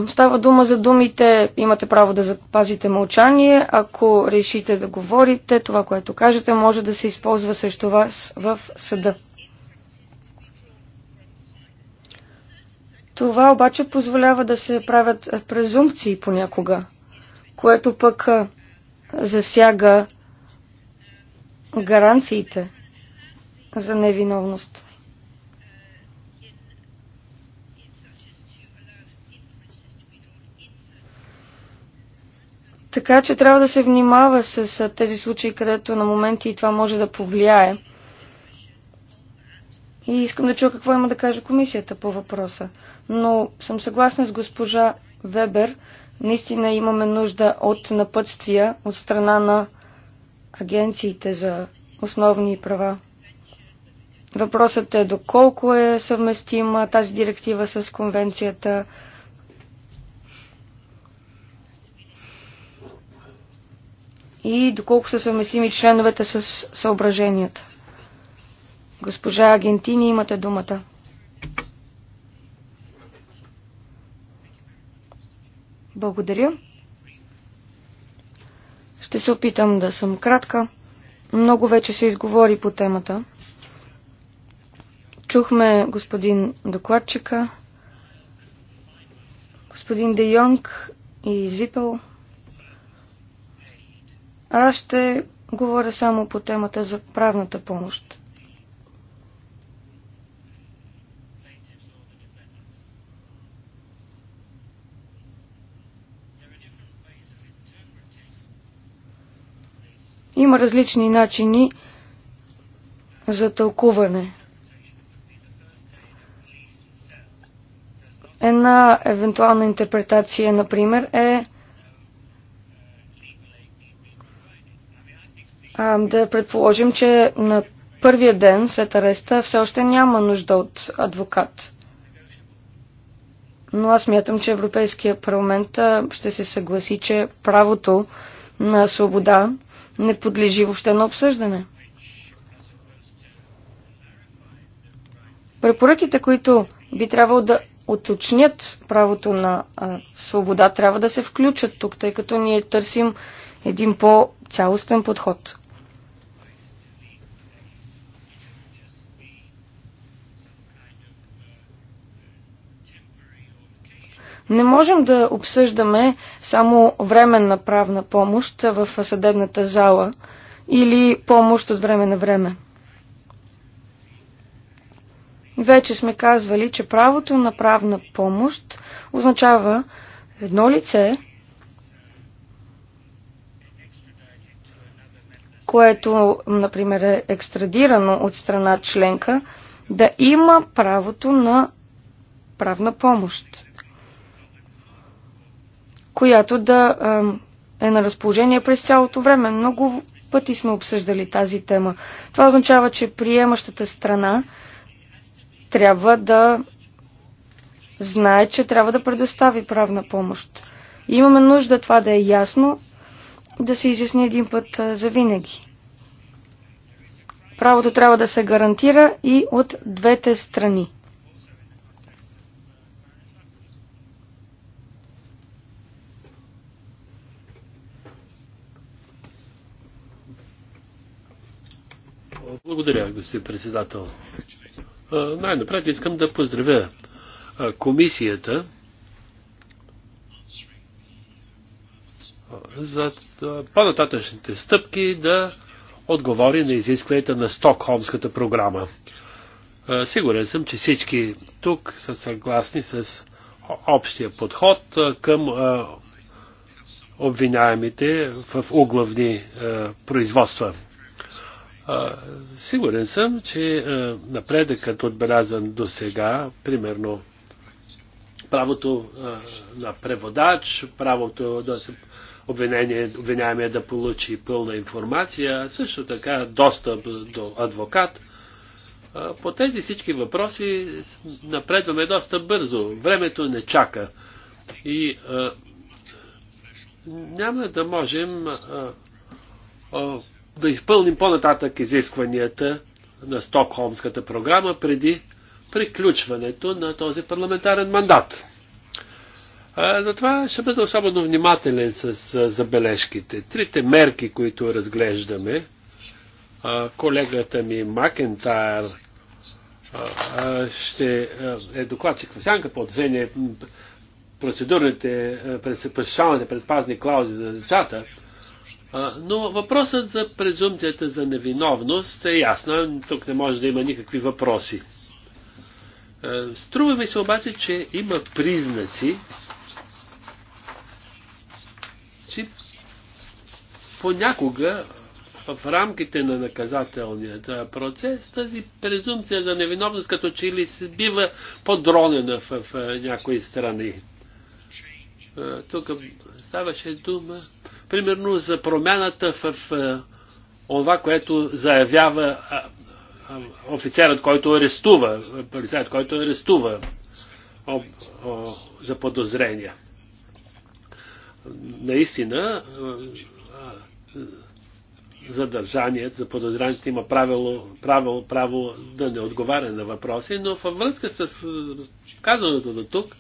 Става дума за думите, имате право да запазите мълчание, ако решите да говорите, това, което кажете, може да се използва срещу вас в съда. Това обаче позволява да се правят презумпции понякога, което пък засяга гаранциите за невиновност. Така че трябва да се внимава с тези случаи, където на моменти и това може да повлияе. И искам да чуя какво има да каже комисията по въпроса. Но съм съгласна с госпожа Вебер. Наистина имаме нужда от напътствия от страна на агенциите за основни права. Въпросът е доколко е съвместима тази директива с конвенцията и доколко са съвместими членовете с съображенията. Госпожа Агентини, имате думата. Благодаря. Ще се опитам да съм кратка. Много вече се изговори по темата. Чухме господин докладчика, господин Де Йонг и Зипел. Аз ще говоря само по темата за правната помощ. Има различни начини за тълкуване. Една евентуална интерпретация, например, е а, да предположим, че на първия ден след ареста все още няма нужда от адвокат. Но аз мятам, че Европейския парламент ще се съгласи, че правото на свобода не подлежи въобще на обсъждане. Препоръките, които би трябвало да оточнят правото на а, свобода, трябва да се включат тук, тъй като ние търсим един по-цялостен подход. Не можем да обсъждаме само временна правна помощ в съдебната зала или помощ от време на време. Вече сме казвали, че правото на правна помощ означава едно лице, което, например, е екстрадирано от страна членка, да има правото на правна помощ която да е на разположение през цялото време. Много пъти сме обсъждали тази тема. Това означава, че приемащата страна трябва да знае, че трябва да предостави правна помощ. И имаме нужда това да е ясно, да се изясни един път за винаги. Правото трябва да се гарантира и от двете страни. Благодаря, господин председател. Най-напред искам да поздравя комисията за по-нататъчните стъпки да отговори на изискванията на Стокхолмската програма. Сигурен съм, че всички тук са съгласни с общия подход към обвиняемите в углавни производства. А, сигурен съм, че а, напредъкът отбелязан до сега, примерно правото а, на преводач, правото да се обвиняемия да получи пълна информация, също така достъп до адвокат. по тези всички въпроси напредваме доста бързо. Времето не чака. И а, няма да можем а, да изпълним по-нататък изискванията на Стокхолмската програма преди приключването на този парламентарен мандат. А, затова ще бъда особено внимателен с а, забележките. Трите мерки, които разглеждаме, а, колегата ми Макентайр ще е докладчик в сянка по отношение процедурните, предпазни клаузи за децата. Но въпросът за презумцията за невиновност е ясна, тук не може да има никакви въпроси. Струва ми се обаче, че има признаци, че понякога в рамките на наказателния процес тази презумпция за невиновност като че ли се бива подронена в, в някои страни. Тук ставаше дума примерно за промяната в това, е, което заявява офицерът, който арестува, полицаят, който арестува о, о, за подозрения. Наистина, е, е, задържаният, за подозрението има правило, правило, право да не отговаря на въпроси, но във връзка с казаното до тук,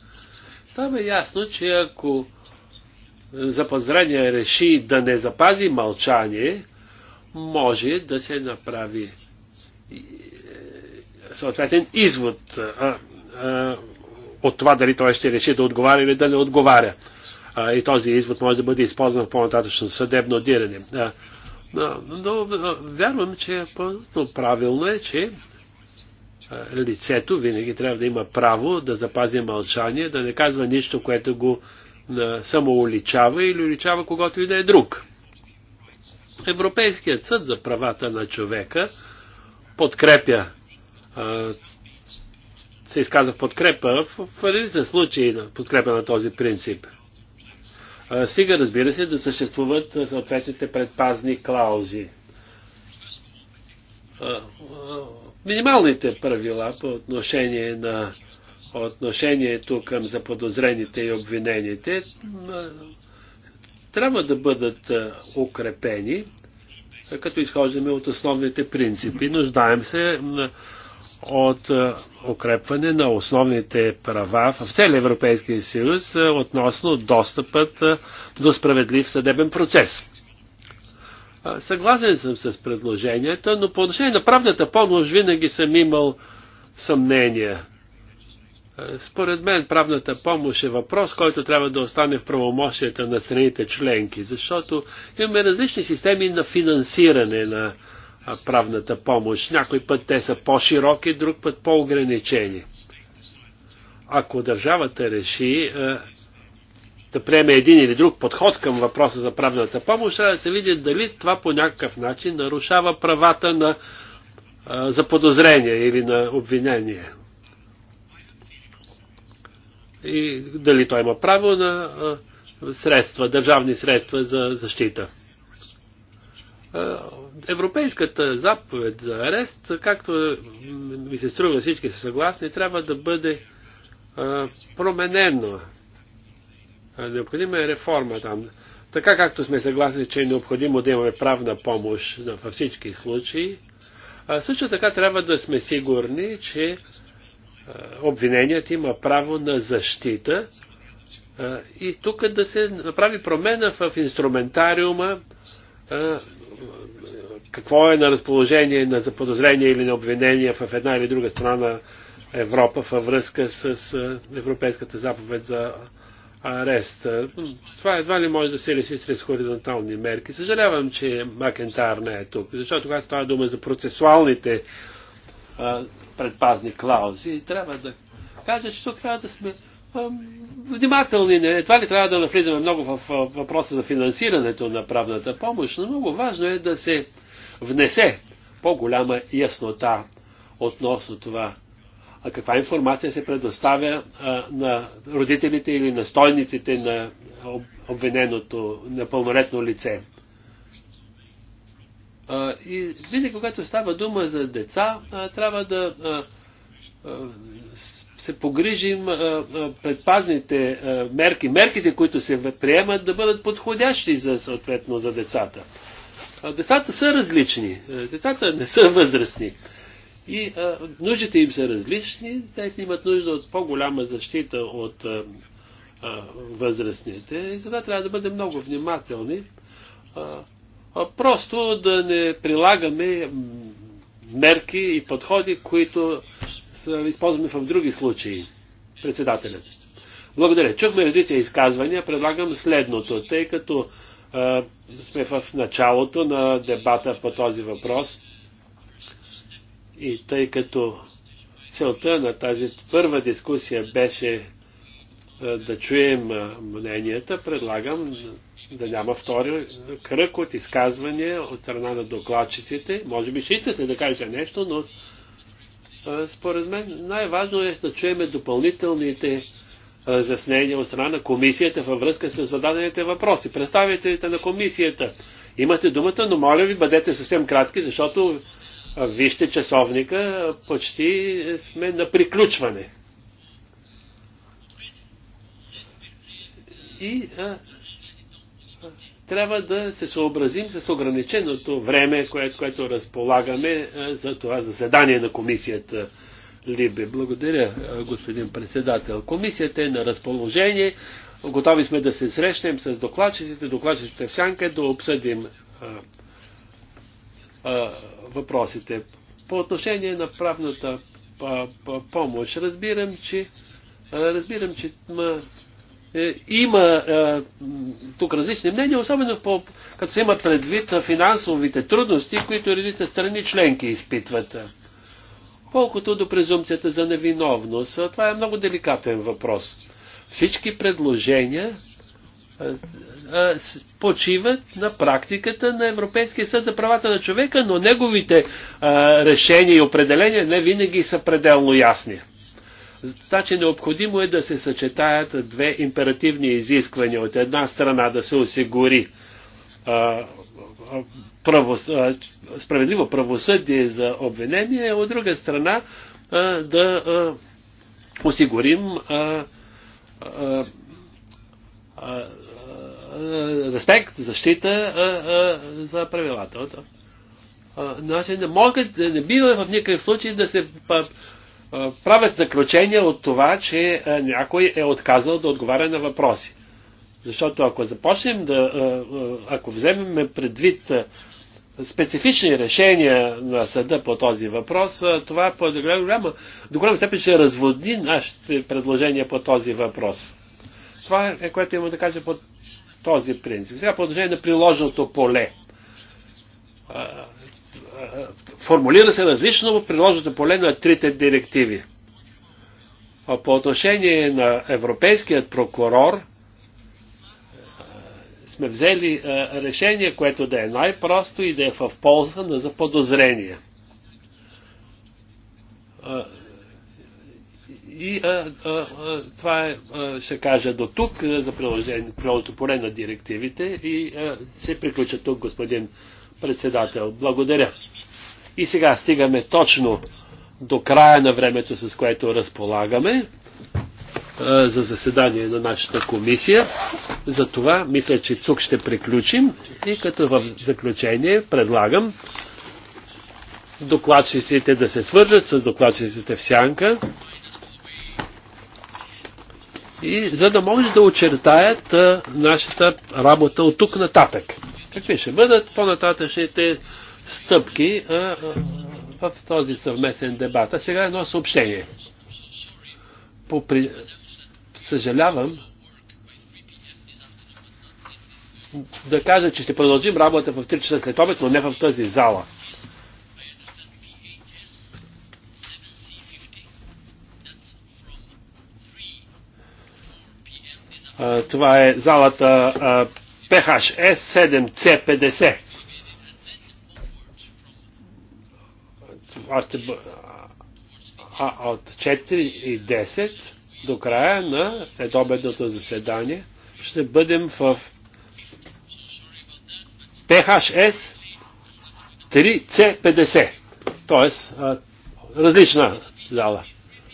става ясно, че ако за подозрение реши да не запази мълчание, може да се направи е, съответен извод а, а, от това дали той ще реши да отговаря или да не отговаря. А, и този извод може да бъде използван в по-нататъчно съдебно диране. А, но, но вярвам, че абсолютно правилно е, че лицето винаги трябва да има право да запази мълчание, да не казва нищо, което го самоуличава или уличава когато и да е друг. Европейският съд за правата на човека подкрепя, се изказва в подкрепа в редица случаи на подкрепа на този принцип. Сига, разбира се, да съществуват съответните предпазни клаузи. Минималните правила по отношение на отношението към заподозрените и обвинените трябва да бъдат укрепени, като изхождаме от основните принципи. Нуждаем се от укрепване на основните права в целия Европейския съюз относно достъпът до справедлив съдебен процес. Съгласен съм с предложенията, но по отношение на правната помощ винаги съм имал съмнения. Е, според мен правната помощ е въпрос, който трябва да остане в правомощията на страните членки, защото имаме различни системи на финансиране на правната помощ. Някой път те са по-широки, друг път по-ограничени. Ако държавата реши е, да приеме един или друг подход към въпроса за правната помощ, трябва да се види дали това по някакъв начин нарушава правата на е, заподозрение или на обвинение и дали той има право на средства, държавни средства за защита. Европейската заповед за арест, както ми се струва всички са съгласни, трябва да бъде променено. Необходима е реформа там. Така както сме съгласни, че е необходимо да имаме правна помощ във всички случаи, също така трябва да сме сигурни, че е, обвиненият има право на защита е, и тук да се направи промена в инструментариума, е, какво е на разположение на заподозрение или на обвинение в една или друга страна на Европа във връзка с Европейската заповед за арест. Това едва ли може да се реши чрез хоризонтални мерки. Съжалявам, че Макентар не е тук, защото когато става дума за процесуалните предпазни клаузи. И трябва да кажа, че тук трябва да сме внимателни. Не. Това ли трябва да навлизаме много в въпроса за финансирането на правната помощ, но много важно е да се внесе по-голяма яснота относно това а каква информация се предоставя а, на родителите или настойниците на обвиненото непълнолетно лице. И винаги, когато става дума за деца, трябва да се погрижим предпазните мерки, мерките, които се приемат, да бъдат подходящи за, съответно за децата. Децата са различни. Децата не са възрастни. И а, нуждите им са различни. Те си имат нужда от по-голяма защита от а, а, възрастните. И затова трябва да бъдем много внимателни. А, Просто да не прилагаме мерки и подходи, които са използваме в други случаи. Председателят. Благодаря. Чухме редица изказвания. Предлагам следното, тъй като а, сме в началото на дебата по този въпрос и тъй като целта на тази първа дискусия беше е, да чуем е, мненията, предлагам да няма втори кръг от изказвания от страна на докладчиците. Може би ще искате да кажете нещо, но е, според мен най-важно е да чуем допълнителните разяснения от страна на комисията във връзка с зададените въпроси. Представителите на комисията имате думата, но моля ви бъдете съвсем кратки, защото вижте часовника, почти сме на приключване. и а, трябва да се съобразим с ограниченото време, което, което разполагаме а, за това заседание на комисията Либе. Благодаря, господин председател. Комисията е на разположение. Готови сме да се срещнем с докладчиците, докладчиците в сянка, да обсъдим а, а, въпросите. По отношение на правната помощ, разбирам, че Разбирам, че е, има е, тук различни мнения, особено по, като се има предвид на финансовите трудности, които редите страни членки изпитват. Колкото до презумцията за невиновност, това е много деликатен въпрос. Всички предложения е, почиват на практиката на Европейския съд за правата на човека, но неговите решения и определения не винаги са пределно ясни. Значи необходимо е да се съчетаят две императивни изисквания. От една страна да се осигури а, право, а, справедливо правосъдие за обвинение, а от друга страна а, да а, осигурим а, а, а, респект, защита а, а, за правилата. Значи не могат, не бива в никакъв случай да се правят заключение от това, че някой е отказал да отговаря на въпроси. Защото ако започнем да, ако вземем предвид специфични решения на съда по този въпрос, това е по голяма, до голяма степен ще разводни нашите предложения по този въпрос. Това е което имам да кажа по този принцип. Сега по отношение на приложеното поле формулира се различно в приложното поле на трите директиви. А По отношение на европейският прокурор е, сме взели е, решение, което да е най-просто и да е в полза на заподозрение. И а, а, а, това е, а, ще кажа до тук е, за приложението поле на директивите и а, ще приключа тук, господин председател. Благодаря. И сега стигаме точно до края на времето, с което разполагаме за заседание на нашата комисия. За това мисля, че тук ще приключим и като в заключение предлагам докладчиците да се свържат с докладчиците в сянка и за да може да очертаят нашата работа от тук нататък. Какви ще бъдат по-нататъчните стъпки а, а, в този съвместен дебат. А сега едно съобщение. при, Съжалявам да кажа, че ще продължим работа в 3 часа след обед, но не в тази зала. това е залата PHS 7C50. аз ще, а, от 4 и 10 до края на следобедното заседание ще бъдем в PHS 3C50, т.е. различна зала.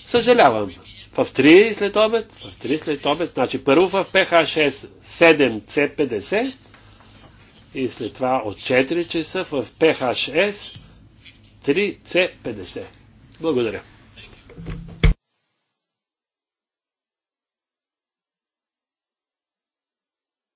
Съжалявам. В 3 след обед, в 3 след обед, значи първо в PHS 7C50 и след това от 4 часа в PHS 3C50. Благодаря.